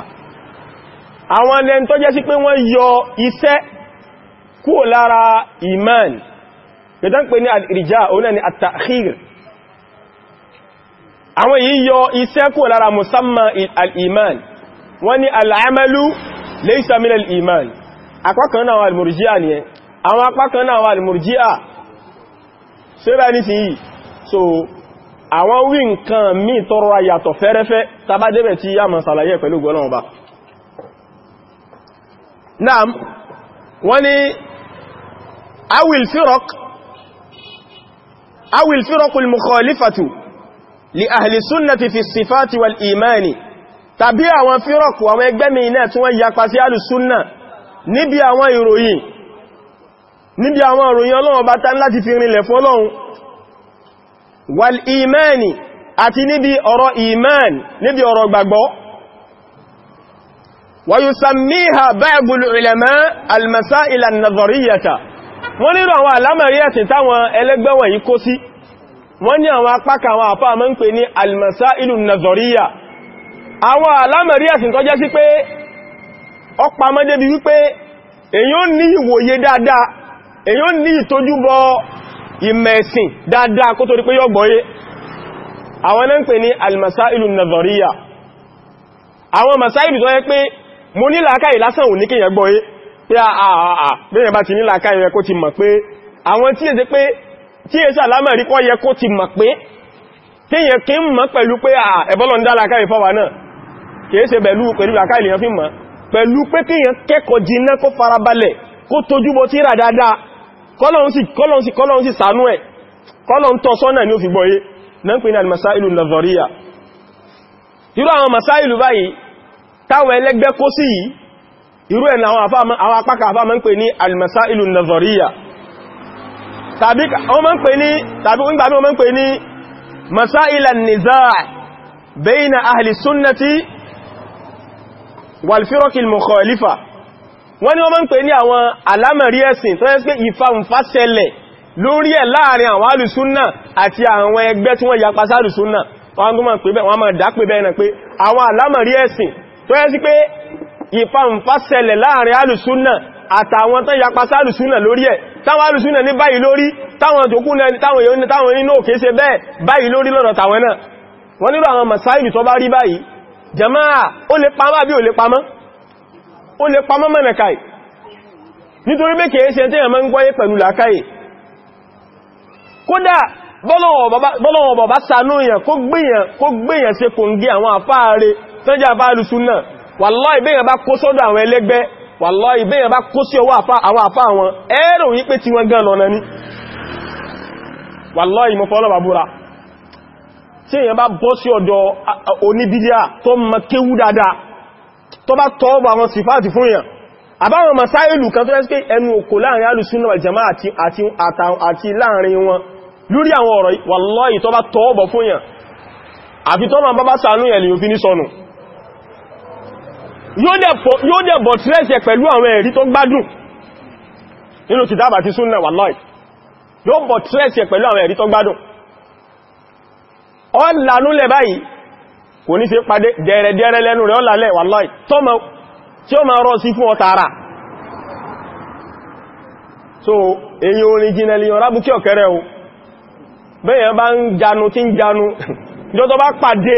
àwọn lẹ́n tó jẹ́ sí pé wọ́n yọ iṣẹ́ kúrò lára iman gẹ̀dán pé ní àdìríjá òun ni àtàkìr àwọn yìí yọ iṣẹ́ kúrò lára musamman al ni al'amalu laysa min al-iman apákan ni àwọn so àwọn wí nǹkan míì tọrọ ayàtọ̀ fẹ́rẹ́fẹ́ tàbádébẹ̀ tí yá mọ̀ sàlàyé pẹ̀lú gọ́lọ́wọ́ bá náà wọ́n ni awil firok awil firokul mukhalifatu li ahli sunnati fi sifati wal imani tàbí àwọn firok àwọn ẹgbẹ́ mi náà tí wọ́n yapa sí ahli sunna níbi àwọn ìròyìn níbi àwọn ìròyìn ọlọ́wọ́ bá tán láti fi rinlẹ̀ fọ́lọ́hun wal imani àti níbi ọ̀rọ̀ iman níbi ọ̀rọ̀ gbàgbọ́ wa yusammiha ba'dul ulama al-masail an-nazariyyah wọ́n nílò àwọn alámàrí ẹ̀sìn táwọn ẹlẹ́gbẹ́wọ̀n yìí kó sí wọ́n ní àwọn apákà àwọn àfáà mọ́ ń pè ní al-masailu ìmẹ̀ẹ̀sìn dáadáa kó torí pé yọ gbọ́yé àwọn náà ń pè ní almasailu nazariya àwọn masailu tó yẹ pé mo ní làákàyè lásán ò ní kíyàn gbọ́yé pé àà bẹ́yàn bá ti ní làákàyè yẹ kó ti mọ̀ pé àwọn tí èsẹ́ pé tí èsẹ́ àlámẹ̀rí kọ́ yẹ kó ti mọ̀ pé kíyàn kí ń mọ̀ pẹ̀lú kọ́lọ̀un sí sànú ẹ̀ kọ́lọ̀un tọ́ sọ́nà ni ó fi gbọ́yé na ń pè ní almasailu nazariya irú àwọn masailu báyìí táwọn ẹlẹ́gbẹ́ kó sí yìí irú ẹ̀ àwọn apákà afá máa ń pè ní almasailu nazariya tàbí wọ́n máa ń pè wọ́n ní wọ́n máa ń pè ní àwọn alámẹ̀rí ẹ̀sìn tó yẹ pé ìfàǹfà ṣẹlẹ̀ lórí ẹ̀ láàrin àwọn alùsúnnà àti àwọn ẹgbẹ́ tí wọ́n yapa sálùsúnnà wọ́n máa pè bẹ́ẹ̀ wọ́n máa dá pé bẹ́ẹ̀ náà pé àwọn alámẹ̀rí ẹ̀sìn tó yẹ sí pé ìfàǹfà ṣẹlẹ̀ láàrin alùsúnnà àtàwọn tán yapa sálùsúnnà lórí ẹ̀ táwọn alùsúnnà ní báyìí lórí táwọn tókù táwọn nínú òkè ṣe bẹ́ẹ̀ báyìí lórí lè pamọ́ àbí ó lè pa mọ́mọ́ mẹ́kàí nítorí pé kìí ṣe tí ẹ̀mọ́ ń gbọ́yé pẹ̀lú làkáyì kódà bọ́lọ̀wọ̀ bàbá sànú èèyàn kó gbèyàn ṣe kò ń gé àwọn àfáàrẹ tọ́jà àfáàlùsùn náà wàláhì ìbéèyàn bá kó sọ́dọ̀ àwọn ẹlẹ́gbẹ́ wàláhì ìbéèyàn bá kó sí ọwọ́ àwọn àfá àwọn Ero wípé tí wọ́n gan lọ́nà ní wàláhì ìmọ̀fọ́lọ́bàbúra tí tó bá tọ́ọ̀bọ̀ àwọn sífàtì fún yàn àbáwọn masáìlù kan tó rẹ́ pé ẹnu òkò láàrin alùsúnnà wal jama'a àti láàrin wọn lórí àwọn ọ̀rọ̀ wallahi tó bá tọ́ọ̀bọ̀ fún yàn àfi tó ma bá bá sàánú yẹ̀ lèyàn fi ní sọnù yóò dẹ̀ bọ̀ tírẹ́sẹ̀ pẹ̀lú àwọn ẹ̀rí tó gbádùn nínú kìtàbà ti súnnà wallahi yóò bọ̀ tírẹ́sẹ̀ pẹ̀lú àwọn ẹ̀rí tó gbádùn ọ lànúlẹ̀ báyìí kò ní ṣe pàdé dẹ̀rẹ̀dẹ̀rẹ̀ lẹ́nu rẹ̀ wàláì tí ó ma rọ sí fún ọ̀tàrà so èyí orin jìnà lè yọ̀rá búkí ọ̀kẹ́rẹ́ o bẹ́yàn bá ń janu tí ń janu jọ́tọ́ bá pàdé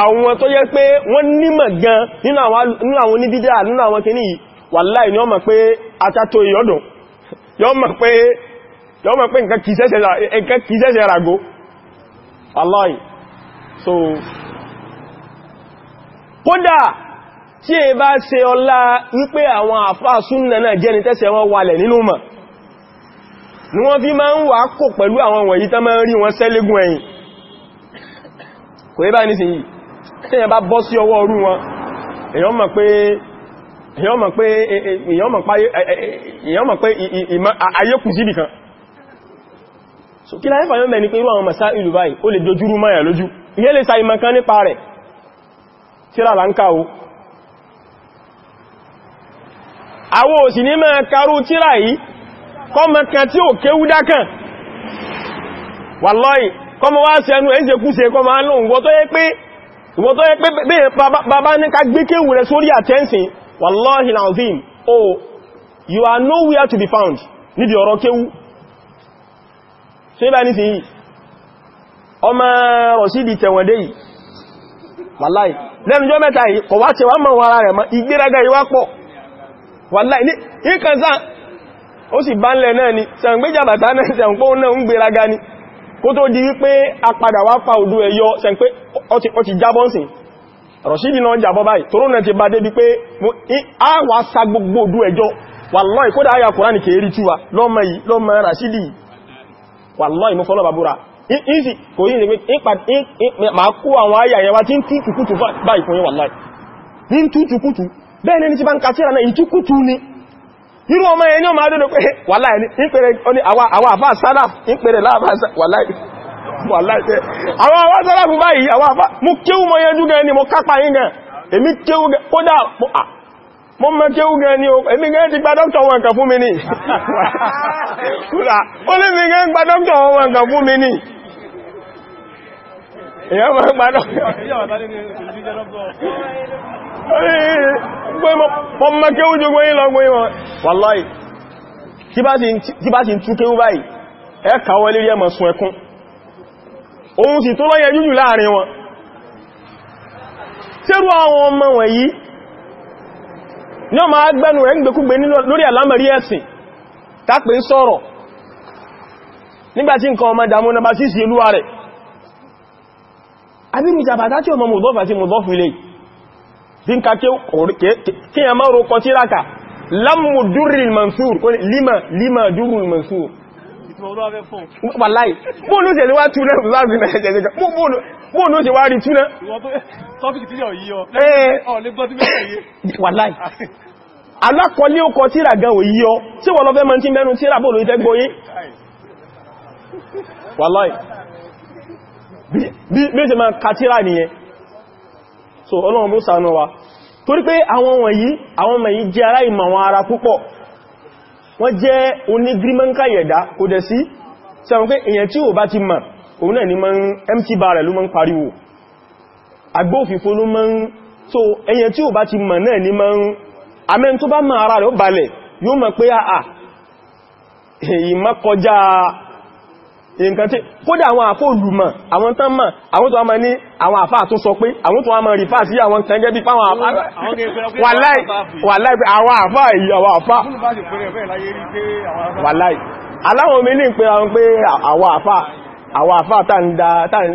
àwọn tó yẹ pé wọ́n nímọ̀ gan nínú àwọn oníbídá nínú àwọn kìíní yìí pé ìyọ́dùn yọ́ mọ̀ pé nǹkan kìí sẹ́sẹ̀ kódà tí è bá ṣe ọlá wípé àwọn àfáà súnnà náà jẹ́ ni tẹ́sẹ̀ wọn wálẹ̀ nínú mọ̀ ni wọ́n fi máa ń wà kò pẹ̀lú àwọn wọ̀nyí tán máa ń rí wọn sẹ́légún ẹ̀yìn kò yí bá ní sí yìí tí èyàn bá bọ́ sí ọwọ́ orú wọn èyàn mọ̀ pé èyàn mọ̀ pé e, e, èyàn e, mọ̀ pé ayé kù síbì kan so kí láyé fàyọ́ mẹ́ni pé irú àwọn masá ìlú báyìí ó lè dojúrú máyà lójú ìyẹ́ lè sa tíra la ń ká o àwọn òsì ní máa karú tíra yìí kọmọ kan tí ò kéwú dákàn wàlọ́ì kọmọ wá sí ẹnu ẹ́sẹ̀ kúse kọmọ alóhun ìwọ tó yẹ pé bàbá ní ká gbé kéwú rẹ sórí àtẹ́nsìn wàlọ́ì nàzim oh you are nowhere to be found níbi ọ̀rọ̀ kéwú ṣe bá ní sí yìí ọmọ rọ̀ sí ibi tẹ̀wọ̀dé yìí lẹ́nujọ́ mẹ́ta yìí kọ̀ wá tẹ wá mọ̀ wọn ara rẹ̀ mọ́ ìgbéraga ìwá pọ̀ wàláhì ní ìkànsá ó sì bá ń lẹ̀ náà ni sẹ̀ǹgbéjàbàtà náà sẹ̀ǹpó náà ń gbéraga ni kó tó di wípé a padà wá pa òdú yọ sẹ̀ǹpé ó ti jábọ́ sí rọ̀ṣídì náà a gbogbo ìsì e, kò yí lèmi ma e, e, kó àwọn ayà yẹwa tí ń tútùkútù bá ìkùn yíwà láì ní tútùkútù bẹ́ẹ̀ ní ti bá ń kàtíra náà ìtúkútù ni nínú ọmọ ẹni ọmọ adọ́dọ̀ pé wà láì ní ìpẹ̀rẹ̀ àwọn àfá mo mọ́ kí ó gẹn ni o èmi gẹn ti gba dọ́kítọ̀ wọn kan fún mi ní kúrò ó lè mi gba dọ́kítọ̀ wọn kan fún mi ní èyàn máa ń gbádọ̀ ọmọ kéwú jogbó yí lọ gbóyí wọn wàláì tí bá ti ń tú kéwú báyìí ẹ kàwọ́ lérí ẹmọ̀ sun ẹkún ohun sì tó lọ́yẹ jújù láàrin wọn tẹ́rù àwọn ọmọ wọ̀nyí ní ọmọ agbẹ́nu ẹ̀ ń gbẹ̀kúgbẹ̀ lórí àlámẹ̀rí ẹ̀sìn tápẹ̀ sọ̀rọ̀ nígbàtí nǹkan ọmọ dàmú nàbà sí sí olúwa rẹ̀ abinu jàbàtà tí o mọ̀ mọ̀dọ́fà sí mọ̀dọ́fà ilé bí n ka kí a máa rokọ tí ráka lámù dúrìl mansur kò ní lima lima dúrìl mansur wàláì bóòlù ṣe ni wá túnẹ̀ láti náà jẹjẹjẹ bóòlù ṣe wá rí túnẹ̀ wàláì alákọ̀ọ́lé ó kọ tíra gan òyí ọ tí wọ́n lọ fẹ́ mọ́ tí mẹ́nu tíra bóòlù ìtẹ́gbóyí wàláì bí ṣe máa kàtírà nìyẹn so ọlọ́run bó ṣàánú wa torí pé àwọn wọ̀nyí àwọn ọmọ yìí jẹ́ aláìmọ̀ àwọn ara púpọ̀ wọ́n jẹ́ onígrímọ́nká yẹ̀dá kò dẹ̀ sí sẹ́wọ̀n pé èyàn tí ò bá ti mọ̀ òun náà ni máa ń mt bar ló máa ń pariwo agbófìfo ló máa ń so èyàn tí ò nǹkan tí kódà àwọn àfó olùmọ̀ àwọn tán mọ̀ àwọn tó wá mọ̀ ní àwọn àfá àtún sọ pé àwọn tó wá mọ̀ rí fáà sí àwọn kan gẹ́bí páwọn àfá wàláì àwọn àfá èyí àwọn àfá wàláì aláwọn omi ní pé àwọn pé àwọn àfá àwọn àfá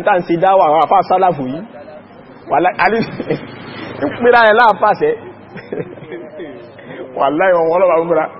tàn sí dáwà àwọn àfá sálàfù yìí wàláì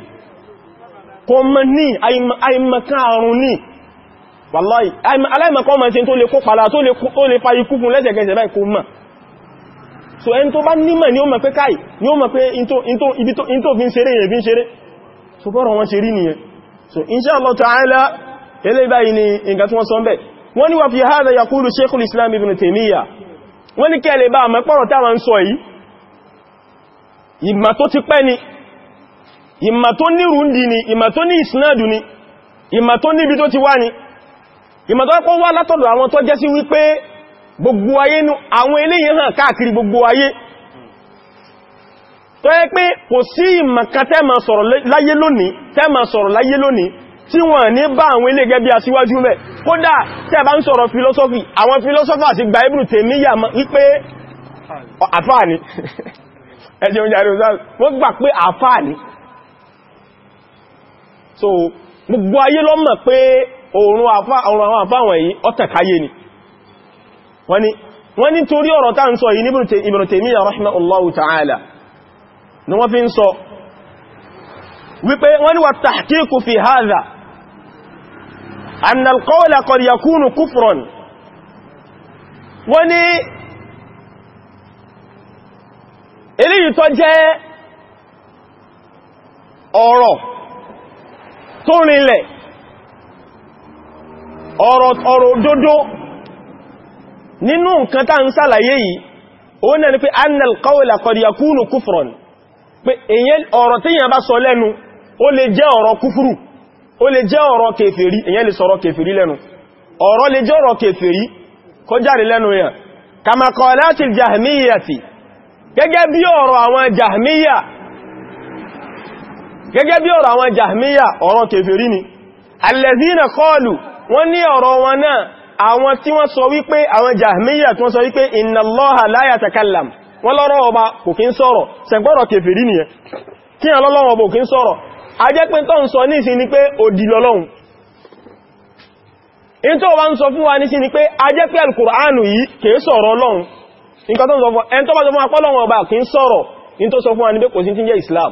kò mọ̀ ní àìmọ̀kan àrùn ní wàláì aláìmọ̀kan ọmọ ìṣẹ́ tó lè kó pàlá tó lè fa ikú fún lẹ́sẹ̀kẹsẹ̀ báyìí kò mọ̀ so ẹni tó bá nímọ̀ ni ó mọ̀ pé káì ni ó mọ̀ pé in tó fi ń ṣeré yẹ̀ fi ń ṣeré so bọ́rọ̀ wọn ṣe rí nìyẹn so insha Allah ta'ala ilé báyìí ni nǹkan tí wọ́n sọ bẹ́ wọ́n ni wà fi hadha yaqulu Shaykhul Islam Ibn Taymiyyah wọ́n ni kẹ́lẹ̀ bá àmọ́ pọ̀rọ̀ táwọn sọ yìí ìmọ̀ tó ti pẹ́ ni ìmà tó ní rúndì ni ìmà tó ní ìsinádù ni ìmà tó níbi tó ti wá ni ìmà tó pọ́ wá látọ̀dọ̀ àwọn tó jẹ́ sí wípé gbogbo ayé nú àwọn eléyìn hàn káàkiri gbogbo ayé tó yẹ pé kò sí ìmà tẹ́mà sọ̀rọ̀ láyé lónìí tí wọ́n ní bá àwọn ilé gẹ́bí aṣíwájú mẹ́ kódà tẹ́ bá ń sọ̀rọ̀ filosofi àwọn filosofi àti gba ibùn tèmí yà wípé àfáà ni ẹjẹun jàrí òsáàlù wọ́n gbà pé àfáà ni so gbogbo ayé ló mọ̀ pé òòrùn àwọn àfáwọn yìí ọ́tàkáyé ni wọ́n ní torí ọ̀rọ̀ tá ń sọ yìí ní Ibn Taymiyyah rahimahullahu ta'ala ni wọ́n fi ń sọ wípé wọ́n ni ọ̀rọ̀ tó rinlẹ̀ ọ̀rọ̀ òdodo nínú nǹkan tá ń sàlàyé yìí ó náà ni pé annal qawla qad yakunu kufran pé èyàn ọ̀rọ̀ tí yàn bá sọ lẹ́nu ó lè jẹ́ ọ̀rọ̀ kúfúrù ó lè jẹ́ ọ̀rọ̀ kèfèrí èyàn lè sọ̀rọ̀ kèfèrí lẹ́nu ọ̀rọ̀ lè jẹ́ ọ̀rọ̀ kèfèrí kó jáde lẹ́nu yàn kama qalatil jahmiyati gẹ́gẹ́ bí ọ̀rọ̀ àwọn jahmiyya gẹ́gẹ́ bí ọ̀rọ̀ àwọn jahmiya ọ̀rọ̀ kèfèrí ni alẹ́zínà kọlù wọ́n ní ọ̀rọ̀ wọn náà àwọn tí wọ́n sọ wípé àwọn jahmiya tí wọ́n sọ wípé innallaha la yatakallam wọ́n lọ́rọ̀ ọba kò kí ń sọ̀rọ̀ sẹ̀gbọ́rọ̀ kèfèrí nìyẹn kí a lọ́lọ́wọ́ ni pé òdì lọ́lọ́hun in tó wá ń sọ fún wa ní sí ni pé kò sí tí jẹ́ Islam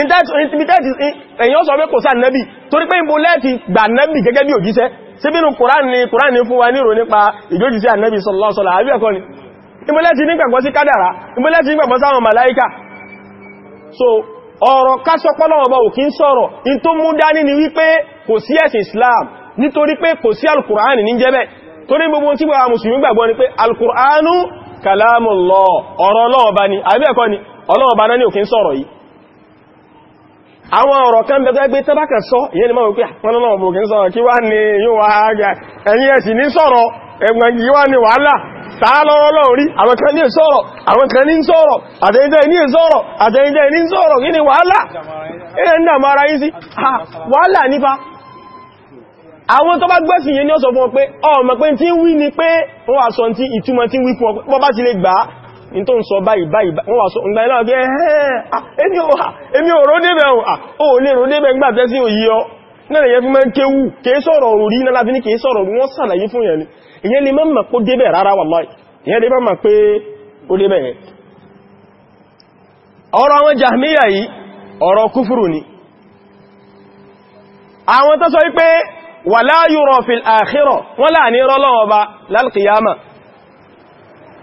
èyàn sọ pé kò sá nẹ́bì torí pé ìbò lẹ́ẹ̀tì gbà nẹ́bì gẹ́gẹ́ bí òjíṣẹ́ sí bínú kòránì kòránì fún wa nírò nípa ìjójíṣẹ́ ànẹ́bì sọ̀lọ́sọ̀lọ́ àbí ẹ̀kọ́ ni ìbò lẹ́ẹ̀tì nígbàgbọ́ sí kádàrá ìbò lẹ́ẹ̀tì nígbàgbọ́ sáwọn màláíkà so ọ̀rọ̀ kásọpọ́lọ́wọ́bọ̀ ò kí ń ni wípé kò Islam nítorí pé kò sí alkùránì ní jẹ́bẹ̀ torí gbogbo tí wà mùsùlùmí gbàgbọ́ ni pé alkùránù kalamullah ọ̀rọ̀ ọlọ́ọ̀bá ni àbí ẹ̀kọ́ ni ọlọ́ọ̀bá náà ni ò sọ̀rọ̀ yìí àwọn ọ̀rọ̀ kan bẹ̀ tó ẹgbẹ́ tẹ́bákà sọ ìyẹn ni máa wípé na ọbụrụ sọ̀rọ̀ kí wá ní yíò wá ààgà ẹ̀yìn ẹ̀sì ní sọ̀rọ̀ àwọn ara tó bá gbẹ́sìn yẹn ni ó fún ọ pé ọmọ in tó ń sọ báyìí báyìí wọ́n wà sọ ǹgbà iná ọgbẹ́ ẹ̀hẹ́n ah, èmi ò ah, ròdé bẹ̀ ah, ò lè ròdé bẹ̀ gbà tẹ́sí òyí ọ náà yẹ fi mẹ́ kéwú kìí sọ̀rọ̀ orí náà láti ní kìí sọ̀rọ̀ wọ́n sàlàyé fún yẹn ìyẹn lè mọ́ kó débẹ̀ rárá wallahi ìyẹn lè mọ́ pé ó débẹ̀ yẹn ọ̀rọ̀ àwọn tó sọ wípé wala yura fil akhirah wọ́n láà ní rọ́lọ́wọ́ ba lálkìyàmà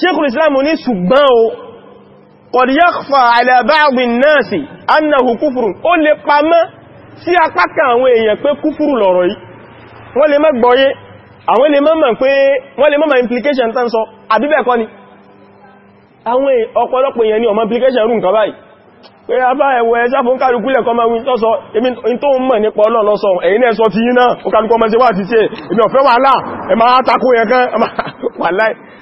Sheikhul Islam ní ṣùgbọ́n o qad yakhfa ala ba'd an-nasi annahu kufrun ó lè pamọ́ sí apá kan àwọn èèyàn pé kúfùrù lọ̀rọ̀ yìí wọ́n lè má gbọ́yé àwọn lè má mọ̀ pé wọ́n lè má mọ̀ implication tán sọ àbí bẹ́ẹ̀ kọ́ ni àwọn ọ̀pọ̀lọpọ̀ èèyàn ni ọmọ implication rú nǹkan báyìí pé abá ẹ̀wọ̀ ẹjá fún kálukúlẹ̀ kan máa wí tọ́sọ èmi tó ń mọ̀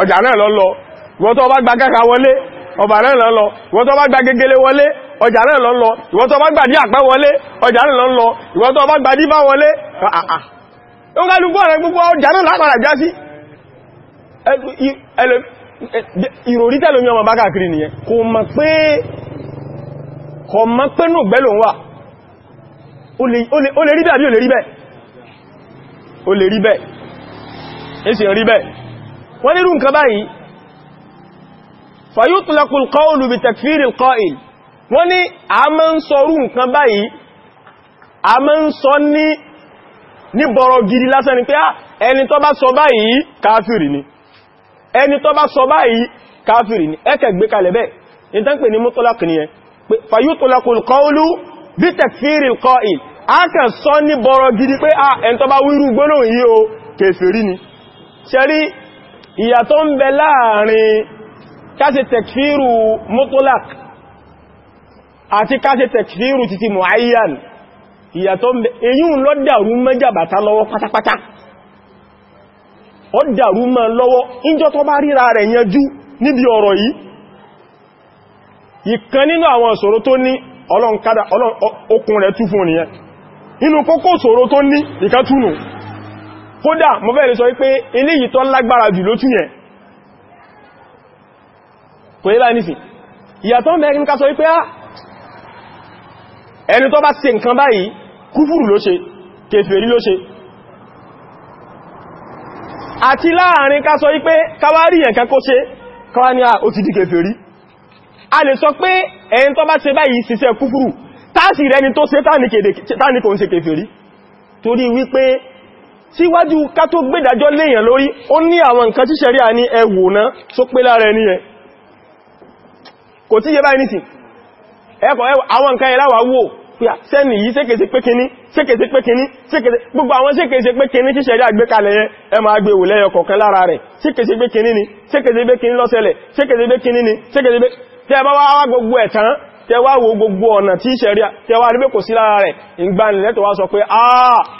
ọjà náà lọ lọ ìwọ́n tó bá gba kẹ́kà wọlé ọba náà lọ lọ ìwọ́n tó bá gba gegele wọlé ọjà náà lọ lọ ìwọ́n tó bá gba dí àpá wọlé ọjà náà lọ lọ ìwọ́n tó bá gba dí bá wọlé ó kálùkọ́ ọjà náà lápàdà wọ́n nírú nǹkan báyìí fayútùlẹ̀kùn kọ́ọ̀lù bí tẹ̀kfíìrì kọ́ìl wọ́n ní a ma ń sọ rú nǹkan báyìí a ma ń sọ ní ní bọ̀rọ̀ gidi lásán ni pé ah, ẹni tó bá sọ báyìí káfìrì ni ẹni tó bá sọ báyìí káfìrì ni ẹkẹ̀ gbé kalẹ̀ bẹ́ẹ̀ ní pè ní mútọ́lákì ìyà tó ń bẹ láàrin káṣe tekfiru mutulak àti káṣe tekfiru títí muayyan ìyà tó ń bẹ èyún lọ dàrú lọ́wọ́ pátápátá ó dàrú mẹ́ lọ́wọ́ ìjọ tó bá ríra rẹ̀ yanjú níbi ọ̀rọ̀ yìí ìkan nínú àwọn ìṣòro tó ní ọlọ́nkádà kódà mo fẹ́ lè sọ wípé eléyìí tó lágbára jù ló tún yẹn kò yílá nísìn ìyàtọ̀ mẹ́rin ká sọ wípé á ah, ẹni tó bá ṣe nǹkan báyìí kúfùrù ló ṣe kèfèrí ló ṣe àti láàrin ká sọ wípé káwárí yẹn kan kó ṣe káwá ní à ah, ó ti di kèfèrí a lè sọ pé ẹni tó bá ṣe báyìí ṣiṣẹ́ kúfùrù táàsì rẹni tó ṣe táàní kò ń torí wípé síwájú ká tó gbédàjọ́ léèyàn lórí ó ní àwọn nǹkan tí ṣẹ̀ríà ní ẹwò náà só pé lára ẹni ẹ kò tí yẹ báyìí nìsìn ẹkọ̀ ẹwọ̀ àwọn nǹkan ẹláwà wò sẹ́ni yìí sékèsé pé kíní sékèsé pé kíní sékèsé gbogbo àwọn sékèsé pé kíní tí ṣẹ̀ríà gbé kalẹ̀ yẹn ẹ máa gbé wò ni sékèsé pé kíní lọ́sẹ̀lẹ̀ sékèsé pé ni sékèsé pé tẹ́ bá wá gbogbo ẹ̀tàn tẹ́ wá wo gbogbo ọ̀nà tí ṣẹ̀ríà tẹ́ wá rí pé kò sí lára rẹ̀ ìgbàlẹ̀ lẹ́tọ̀ wá sọ pé ah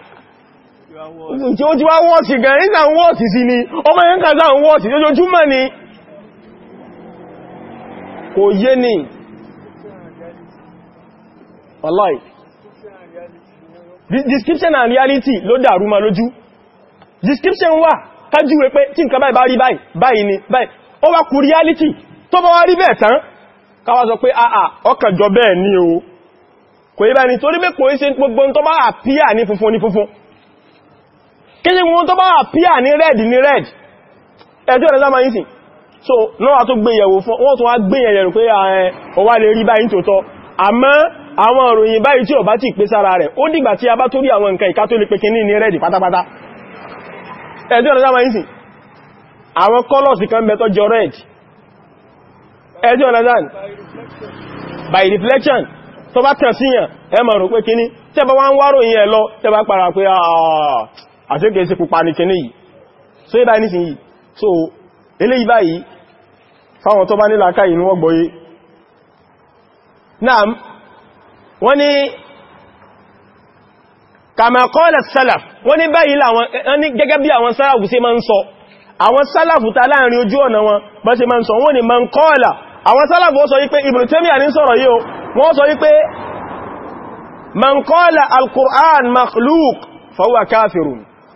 tí ó ti wá wọ́ọ̀tì gan ní wọ́ọ̀tì sí ni ọmọ yẹn kàzá àwọn wọ́ọ̀tì lójoojúmọ́ ni kò yé ni wallahi description and reality ló dàrú ma lójú description wà kájúwe pé tí nǹkan báyìí bá rí báyìí ni ó wá kú reality tó bá wá rí bẹ́ẹ̀ tán sọ pé ah, ah, àà bẹ́ẹ̀ ni o kò yí torí gbogbo tó bá funfun ní funfun kéde wọn tó bá wà píà red ní red ẹjọ́ ẹ̀rẹ́ sáma yìí sí so náà wà tó gbéyẹ̀wò fún wọ́n tó wá gbéyẹ̀rẹ̀ pé ọwá ah, lè rí báyìí tòótọ́ àmọ́ àwọn òròyìn báyìí tí ò bá ti sára rẹ̀ ó dìgbà tí a bá tó rí àwọn nǹkan ìká tó lè kíní ní red pátápátá ẹjọ́ ẹ̀rẹ́ sáma yìí sí by reflection àti kìí ṣe pupa ní kìíní yìí so yíba ní sin yìí so eléyìí báyìí fáwọn tó bá ní làákà yìí ní wọ́n gbọ́yé náà wọ́n ní kàmàkọ́lá sálàf wọ́n ní báyìí láwọn gẹ́gẹ́ bí àwọn sálàfù ṣe máa ń sọ àwọn sálàfù ta láàrin ojú ọ̀nà wọn bá ṣe máa ń sọ wọ́n ní man àwọn sálàfù ó sọ wípé Ibn Taymiyyah ní sọ̀rọ̀ yìí wọ́n sọ wípé man kọ́ọ̀lá al makhluk fahuwa kafirun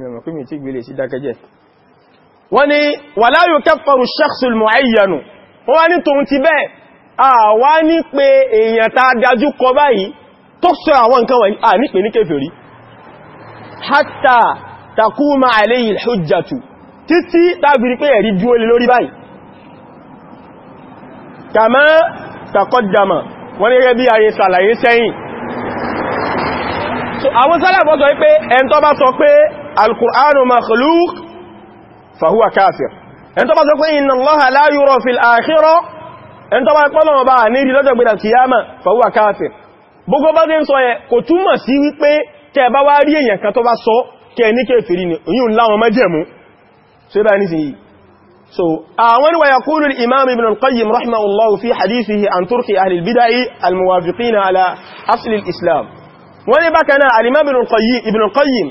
mẹ́mọ̀ kí mi tí gbélé sí dákẹ́jẹ́ wọ́n ni wà láyò kẹfàrù ṣẹ́ksùl mọ̀áyànù wọ́n wá ní tóun ti bẹ́ẹ̀ àwá ní pé èèyàn ta dájú kọ báyìí tó sọ àwọn nǹkan wọ̀nyí à ní pè ní kèfèrí hatta takuma alayhi alhujjatu títí tábìrí pé ẹ̀rí dúó lé lórí báyìí kàmá takọ́dàmà wọ́n gẹ́gẹ́ bí ayé sàlàyé alkùránù makhluk fahuwa kafir ẹn tó bá sọ pé inna allaha la yura fil akhirah ẹn tó bá pọ́lọ̀wọ̀ bá ní rí lọ́jọ́ gbẹ̀dà kìyàmà fahuwa kafir gbogbo bá dín sọ yẹ kò túmọ̀ sí wípé tẹ bá wá rí èyàn kan tó bá sọ kẹ ní kèfèrí ni yíò láwọn mẹ́jẹ̀mú ṣe bá ní sí yìí so àwọn wa yaqulu imam ibn al-qayyim rahimahullahu fi hadithihi an turki ahli al-bida'i al-muwafiqina ala asli al-islam wani bákaná al-imam ibn al-qayyim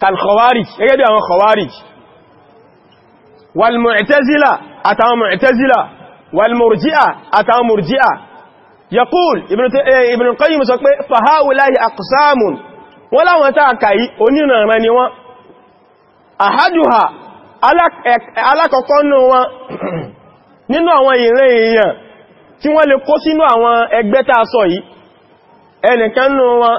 kalkhawarij gẹ́gẹ́ bí àwọn khawarij walmu'tazila àtàwọn mu'tazila walmurji'a àtàwọn murji'a yaqul eh, ibn qayyim sọ pé fahaulahi aqsamun wọ́n láwọn tàà kàí onínàrà ni wọ́n àhájúha eh, alákọ̀ọ́kọ́ nù wọn nínú àwọn ìrìn èèyàn tí wọ́n lè kó sínú àwọn ẹgbẹ́ sọ yìí ẹnìkan nù wọn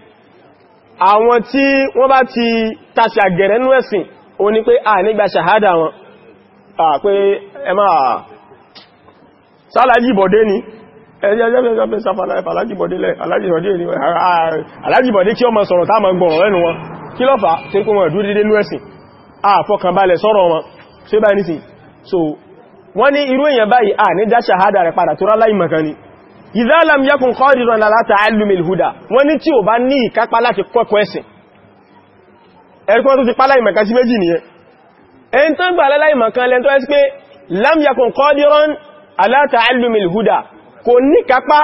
àwọn tí wọ́n bá ti tàṣà gẹ̀rẹ̀ nú ẹ̀sìn o ní pé a nígbà ṣàhádà wọn pé ẹ máa sálàjìbọ̀dé ni alájìbọ̀dé kí ọ ma sọ̀rọ̀ táàmà gbọ̀rọ̀ lẹ́nu wọn kí ló fà tí kó wọn dúró dédé nú ẹ̀sìn àfọkànbalẹ̀ sọ̀rọ̀ wọn ṣe báyìí nìsìn so wọ́n ní irú èèyàn báyìí à ní dá ṣàhádà rẹ̀ padà tó rá láì mọ̀kan ni ìdálàm yakùn kọ́dìrán láta alùmìl húdà wọ́n ní tí ò bá ní ìkápá láti kọ́kọ́ ẹ̀sìn ẹ̀rùkọ́ tó ti pálá ìmọ̀kan sí méjì nìyẹn ẹn tó ń gbà lẹ́lá ìmọ̀kan lẹ́ntọ́ ẹ́sì pé lám yakùn kọ́dìrán láta alùmìl húdà kò ní kápá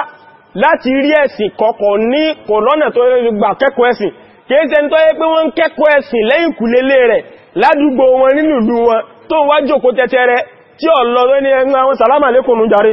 láti rí ẹ̀sìn kọ́kọ́ ní kòrónà tó gbà kẹ́kọ́ ẹ̀sìn kìí ṣe tó yẹ pé wọ́n kẹ́kọ́ ẹ̀sìn lẹ́yìn kùlélé tí ọ̀lọ́rẹ́ ní ẹgbẹ́ àwọn sàlámà lékòónú jàre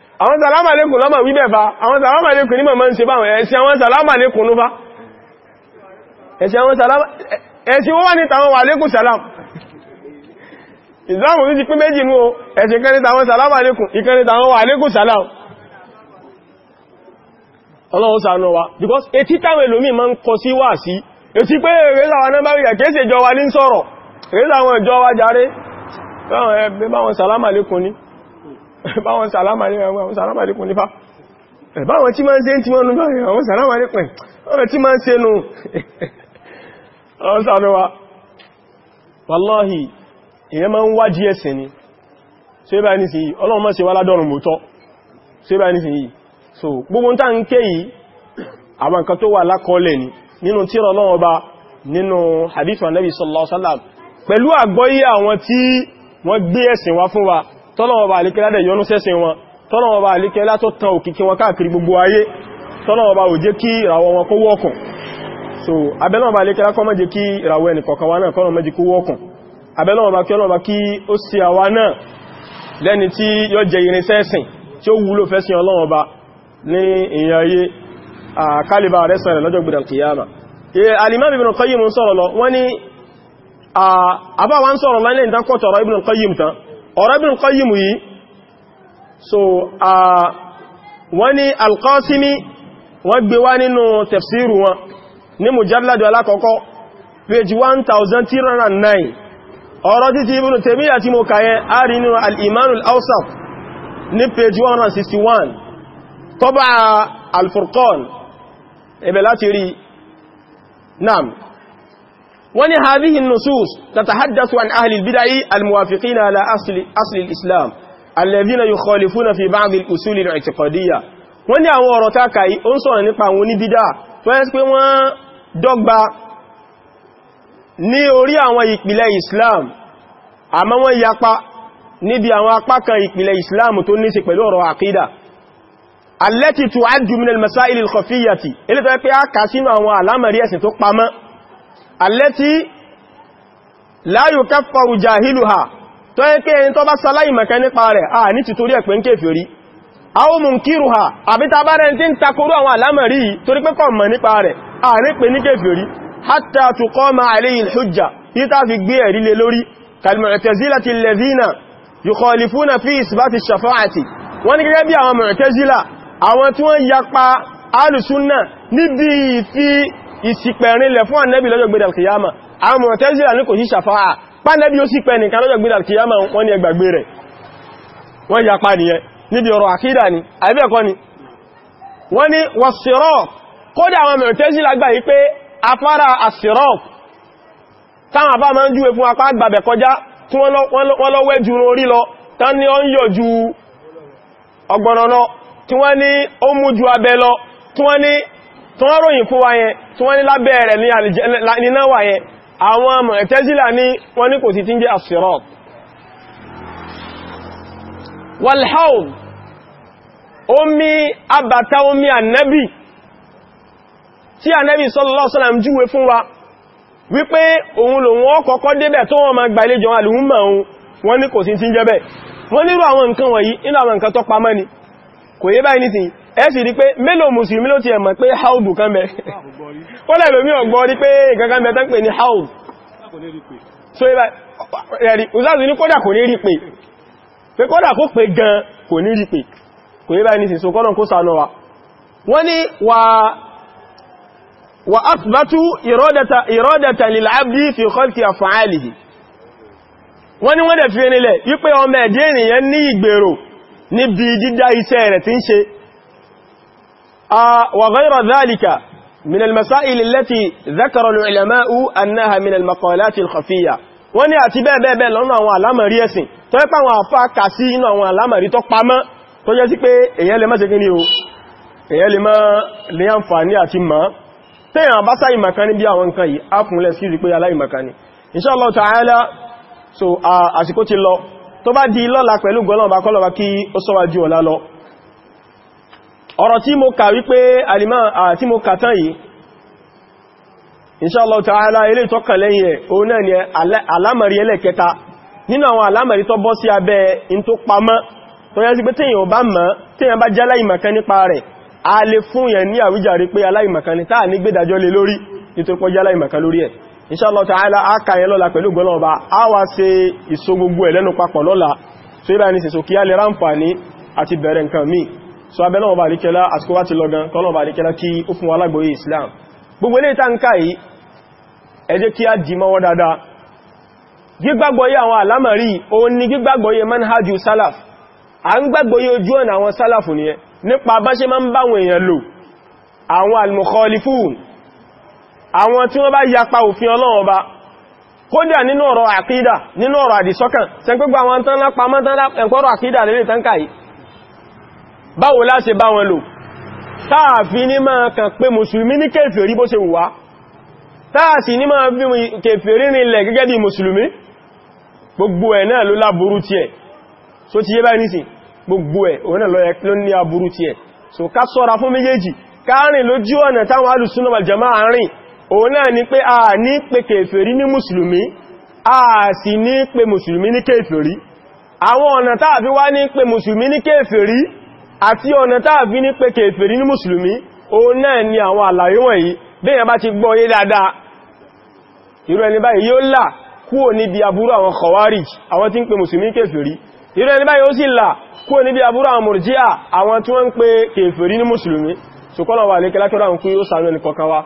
àwọn sàlámàlékùn lọ́mà wíbẹ̀ bá àwọn sàlámàlékùn ní mọ̀mọ́ ń ṣe báwọn ẹ̀ṣẹ́ àwọn sàlámàlékùn ló bá ẹ̀ṣẹ́ wọ́n wà ní tàwọn wàlékùn sàlám ìsìláàmù ní ti pín méjì ní o ẹ̀ṣẹ́ kẹni tàwọn sàlámàlékùn ìkẹni tàwọn wàlékùn sàlám ọlọ́run ṣàánú wa because etí táwọn ẹlòmíì máa ń kọ sí wà sí etí pé rẹ́sà wa náà bá rí ẹ̀kẹ́sẹ̀ jọ wa ní sọ̀rọ̀ rẹ́sà wọn ìjọ wa jàre báwọn sàlámàlékùn ní báwọn sàlámàlékùn nífà báwọn tí máa ń ṣe tí wọ́n nífà àwọn sàlámàlékùn ọ̀rọ̀ tí máa ń ṣe nù ọ̀sàmẹ́wà wàláhì èyàn máa ń wájí ẹ̀sìn ni ṣe bá wá ládọ́rùn mọ́tọ́ so gbogbo tá ń ké yìí àwọn nǹkan tó wà ni nínú tírà nínú hadith wa nabi sallallahu alaihi wasallam pẹ̀lú àgbọ́yé àwọn tí wọ́n gbé ẹ̀sìn wá fún wa tọ́lọ̀wọ̀ bá àlékẹ́lá dẹ̀ yọnú sẹ́sìn wọn tọ́lọ̀wọ̀ bá àlékẹ́lá tó tan òkìkí wọn káàkiri gbogbo ayé tọ́lọ̀wọ̀ bá ò so abẹ́lọ́wọ̀ bá àlékẹ́lá kó má jẹ́ kí ìràwọ̀ ẹnìkọ̀ọ̀kan wa náà kọ́nà má jẹ́ kó wọ́kùn abẹ́lọ́wọ̀ bá kí ọlọ́wọ̀ bá kí ó ṣe àwa náà lẹ́ni tí yóò jẹ irin sẹ́sìn tí ó wúlò fẹ́sìn ọlọ́wọ̀ bá ní ìyẹn ayé àkálìbà rẹ̀ lọ́jọ́ gbìdàn kìyàmà Al-Imam Ibn Qayyim lọ wọ́n ni àbáwá ń sọ̀rọ̀ lọ́lẹ́ ìdánkọ̀tọ̀rọ̀ Ibn Qayyim ọ̀rọ̀bìn kọ́yìmù yìí so a wọ́n ni alkọ́sími wọ́n gbé wá nínú tafsiru wọn ní mujalladu alákọ̀ọ́kọ́ page 1309 ọ̀rọ̀ títí ibùn tèmíyà tí mo kàyẹ àrí nínú al'imanul ausaf ní page 161 tọ́bà alfurqan ibẹ̀ láti rí nam wani hadhihi an-nusus tatahaddathu an ahli al-bid'ah al-muwafiqin ala asli asli al-islam alladhina yukhalifuna fi ba'd al-usul al-i'tiqadiyya wani àwọn ọ̀rọ̀ ta kai ó sọ nípa àwọn ni bid'ah tó yẹ pé wọ́n dọ́gba ní orí àwọn ìpìlẹ̀ islam àmọ́ wọ́n yapa níbi àwọn apá kan ìpìlẹ̀ islam tó ní ṣe pẹ̀lú ọ̀rọ̀ àkídà allati tu'addu min al-masail al-khafiyyati ilé tó yẹ pé a kà sínú àwọn àlámọ̀rí ẹ̀sìn tó pamọ́ allati la yukaffaru jahiluha tó yẹ kí ẹni tó bá sáláì mẹ́kẹ́ nípa rẹ̀ à ní ti torí ẹ̀pẹ́ ń kèfèrí aw munkiruha àbí ta bá rẹ̀ tí ń takorú àwọn alámẹ̀rí torí pé kọ̀mọ̀ nípa rẹ̀ à ní pè ní kèfèrí hatta tuqama alayhi al-hujja yí ta fi gbé ẹ̀rí lé ìsìpẹ̀rinlẹ̀ fún ànẹ́bì lọ́jọ́ gbé dàlkìyàmà àwọn mọ̀tẹ́sílà ní kò sí ṣàfáà pánẹ́bì ó sípẹ̀ nìkan lọ́jọ́ gbé dàlkìyàmà wọ́n ní ẹgbàgbé rẹ̀ wọ́n yapa nìyẹn níbi ọ̀rọ̀ àkídà ni àìbẹ́ẹ̀kọ́ ni wọ́n ní wọ́sírọ̀ kódà àwọn mọ̀tẹ́sílà gbà yìí pé afárá àsírọ̀ táwọn afá máa ń júwe fún apá àgbàbẹ̀ kọjá tí wọ́n lọ wẹ́ ju orí lọ tán ni ó ń yọ ju ọgbọ̀nà lọ tí wọ́n ní ó mú ju abẹ lọ tí wọ́n ní tó wọ́n ròyìn fún wa yẹn tí wọ́n ní lábẹ́ rẹ̀ ní náwà yẹn àwọn Mu'tazila ní wọ́n ní kò sí tí ń jẹ́ as-sirat omi abàtà omi ànábì tí ànábì sallallahu alaihi wasallam júwe fún wa wípé òun lòun ọkọ̀ọ̀kọ́ débẹ̀ tó wọ́n ma gbàlejò àlùmọ̀ òun wọ́n ní kò sí tí ń jẹ́ bẹ́ẹ̀ wọ́n nírò àwọn nǹkan wọ̀nyí nínú àwọn nǹkan tó pamọ́ ni kò yé báyìí nìsìn ẹ sì rí pé mélòó mùsùlùmí ló ti ẹ̀ mọ̀ pé haudu kan bẹ̀ ó lẹ́lò mí ọ̀gbọ́ rí pé ìkankan bẹ̀ tán pè ní haudu so ẹ̀rí uzazu ní kódà kò ní rí pé pé kódà kó pé gan kò ní rí pé kò yé báyìí nìsìn wọ́n ni wà wà fi khalqi af'alihi wọ́n ni ọmọ ẹ̀dẹ́ ènìyàn ní ìgbèrò níbi dídá iṣẹ́ rẹ̀ tí ń ṣe wa ghayra dhalika min al-masail allati dhakara al-ulama'u annaha min al-maqalat al-khafiyya wọ́n ní àti bẹ́ẹ̀ bẹ́ẹ̀ lọ́nà àwọn alámọ̀rí ẹ̀sìn tó ẹ́pà àwọn àfá kà sí inú àwọn alámọ̀rí tó pamọ́ tó jẹ́ sí pé èyẹ́ lè má ṣe kíní o so àsìkò ti tó bá di lọ́la pẹ̀lú gọ́lọ́ọ̀bá kọ́lọ̀bá kí ó sọ́wájú ọ̀la lọ ọ̀rọ̀ tí mo kà wípé alìmá àti mo kà tán yìí inshallah ta'ala ilé ìtọ́kàn lẹ́yìn ẹ̀ òun náà ni alámàrí ẹlẹ́kẹta nínú àwọn alámàrí tó bọ́ sí abẹ́ in tó pamọ́ tó yẹ́ sí pé tíyàn a lè fún yẹn ní àwíjàre pé aláìmọ̀kan ni táà ní gbédàjọ́ lé inshallah ta'ala aka yẹn lọ́la pẹ̀lú gbọ́nà ọba a wá ṣe ìso gbogbo ẹ̀lẹ́nu papọ̀ lọ́la tó ibá ní sẹ̀sọ̀ kí a lè ránfàní àti bẹ̀rẹ̀ nǹkan míì so abẹ́lẹ́ ọba àríkẹ́lá àsìkò wá ti lọ́gan wa lágbóyé Islam gbogbo ilé ìta ń ká yìí ẹ àwọn àlámàrí òun salaf a ń gbàgbọ́yé ojú ọ̀nà àwọn salaf nìyẹn nípa bá ṣe àwọn tí wọ́n bá yapa òfin Ọlọ́run Ọba kódà nínú ọ̀rọ̀ àkídà nínú ọ̀rọ̀ àdìsọ́kàn tẹ́ pẹ́gbà àwọn tán lápá mọ́ tán ẹ̀kọ́rọ̀ àkídà lórí tánkà yìí báwo la ṣe bá wọn lò táàfi ní máa kàn pé mùsùlùmí ní kèfèrí bó ṣe wùwá táàsì ní máa fi kèfèrí nílẹ̀ gẹ́gẹ́ bí mùsùlùmí gbogbo ẹ̀ náà ló láburú ti ẹ̀ ká sọ́ra lójú ọ̀nà táwọn alùsùn jama'a rìn òun náà ni pé a ní pé kèfèrí ní mùsùlùmí a sì ní pé mùsùlùmí ní kèfèrí àwọn ọ̀nà táà fi wá ní pé musulmi ní kèfèrí àti ọ̀nà táà fi ní pé kèfèrí ní mùsùlùmí òun náà ni àwọn àlàyé wọ̀nyí bẹ́yàn bá ti gbọ́ yé dáadáa irú ẹni báyìí yóò là kúò níbi aburú àwọn khawarij àwọn tí ń pè mùsùlùmí kèfèrí irú ó sì là kúò níbi aburú àwọn mùrjíà àwọn tí wọ́n ń pè wa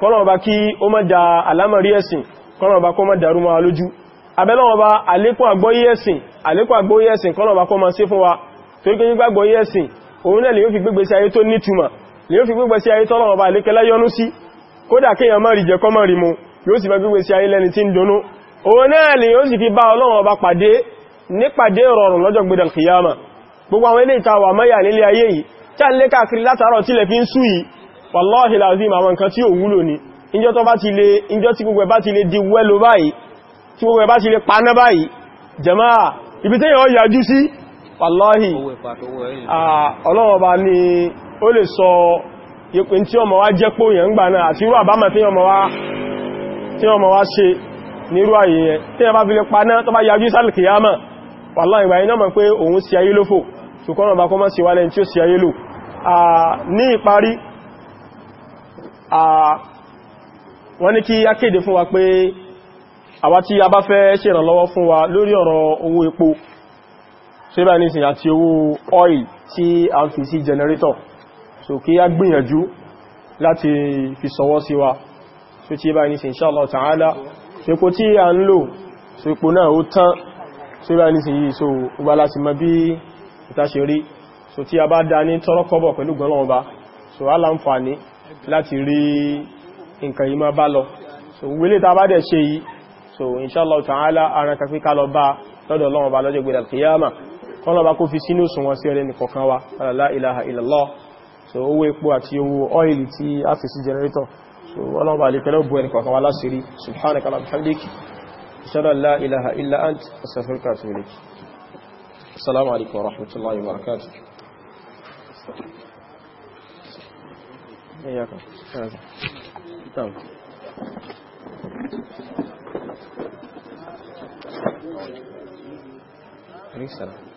kọ́lọ̀wọ́ bá kí ó má da alámọ̀rí ẹ̀sìn kọ́lọ̀wọ́ bá kó má darú ma lójú abẹ́lọ́wọ́ bá àlékún àgbọ́yé ẹ̀sìn àlékún àgbọ́yé ẹ̀sìn kọ́lọ̀wọ́ bá kó má ṣe fún wa torí kí nígbà àgbọ́yé ẹ̀sìn òun náà lè yóò fi gbégbé sí ayé tó nítumọ̀ lè yóò fi gbégbé sí ayé tọ́lọ̀wọ́ bá àlékẹ́lá yọ́nú sí kódà kéèyàn má rí jẹ kọ́ má rí mu lọ́jọ́ gbé dàlkìyàmà gbogbo àwọn ilé ìtawà mẹ́yà nílé ayé yìí tí a ń káàkiri látàárọ̀ tílẹ̀ fi ń sú yìí wàláhì láàzím àwọn nǹkan tí ò wúlò ní ìjọ tó bá ti lè ìjọ tí gbogbo ẹ̀ bá ti lè di wẹ́lò báyìí tí gbogbo ẹ̀ bá ti lè paná báyìí jàmáà ibi tí yàn yàjú sí wàláhì ọlọ́wọ̀ba ni ó lè sọ yẹpin tí ọmọ wá jẹ́ pó yẹn ń gbà náà àti irú àbámà tí ọmọ wá ṣe wọ́n ní kí a kéde fún wa pé àwa tí a bá fẹ́ ṣèrànlọ́wọ́ fún wa lórí ọ̀rọ̀ owó epo ṣe bá nísìn àti owó oil tí a fi sí generator so kí a gbìyànjú láti fi sọwọ́ sí wa so tí bá nísìn inshallah ta'ala epo tí a ń lò so epo náà ó tán so bá nísìn yìí so gbá láti mọ bí bá dá ní láti rí nǹkan yìí máa bá lọ so wílé ta bá dẹ̀ ṣe yìí so inshallah ta'ala ara kàfí ká lọ bá lọ́dọ̀ Ọlọ́run bá lọ́jọ́ gbẹ̀dẹ̀ kìyàmà kọ́ lọ bá kó fi sínú sùn wọn sí ẹrẹ nìkọ̀kan wa la ilaha so owó epo àti owó ọ́ìlì tí a so Ọlọ́run bá lè pẹ́lẹ́ bu ẹnìkọ̀kan wa láṣìírí inshallah la ilaha illa ant astaghfiruka wa atubu ilaik assalamu alaikum wa é aí, tá. Tá, tá. Então. Brincadeira.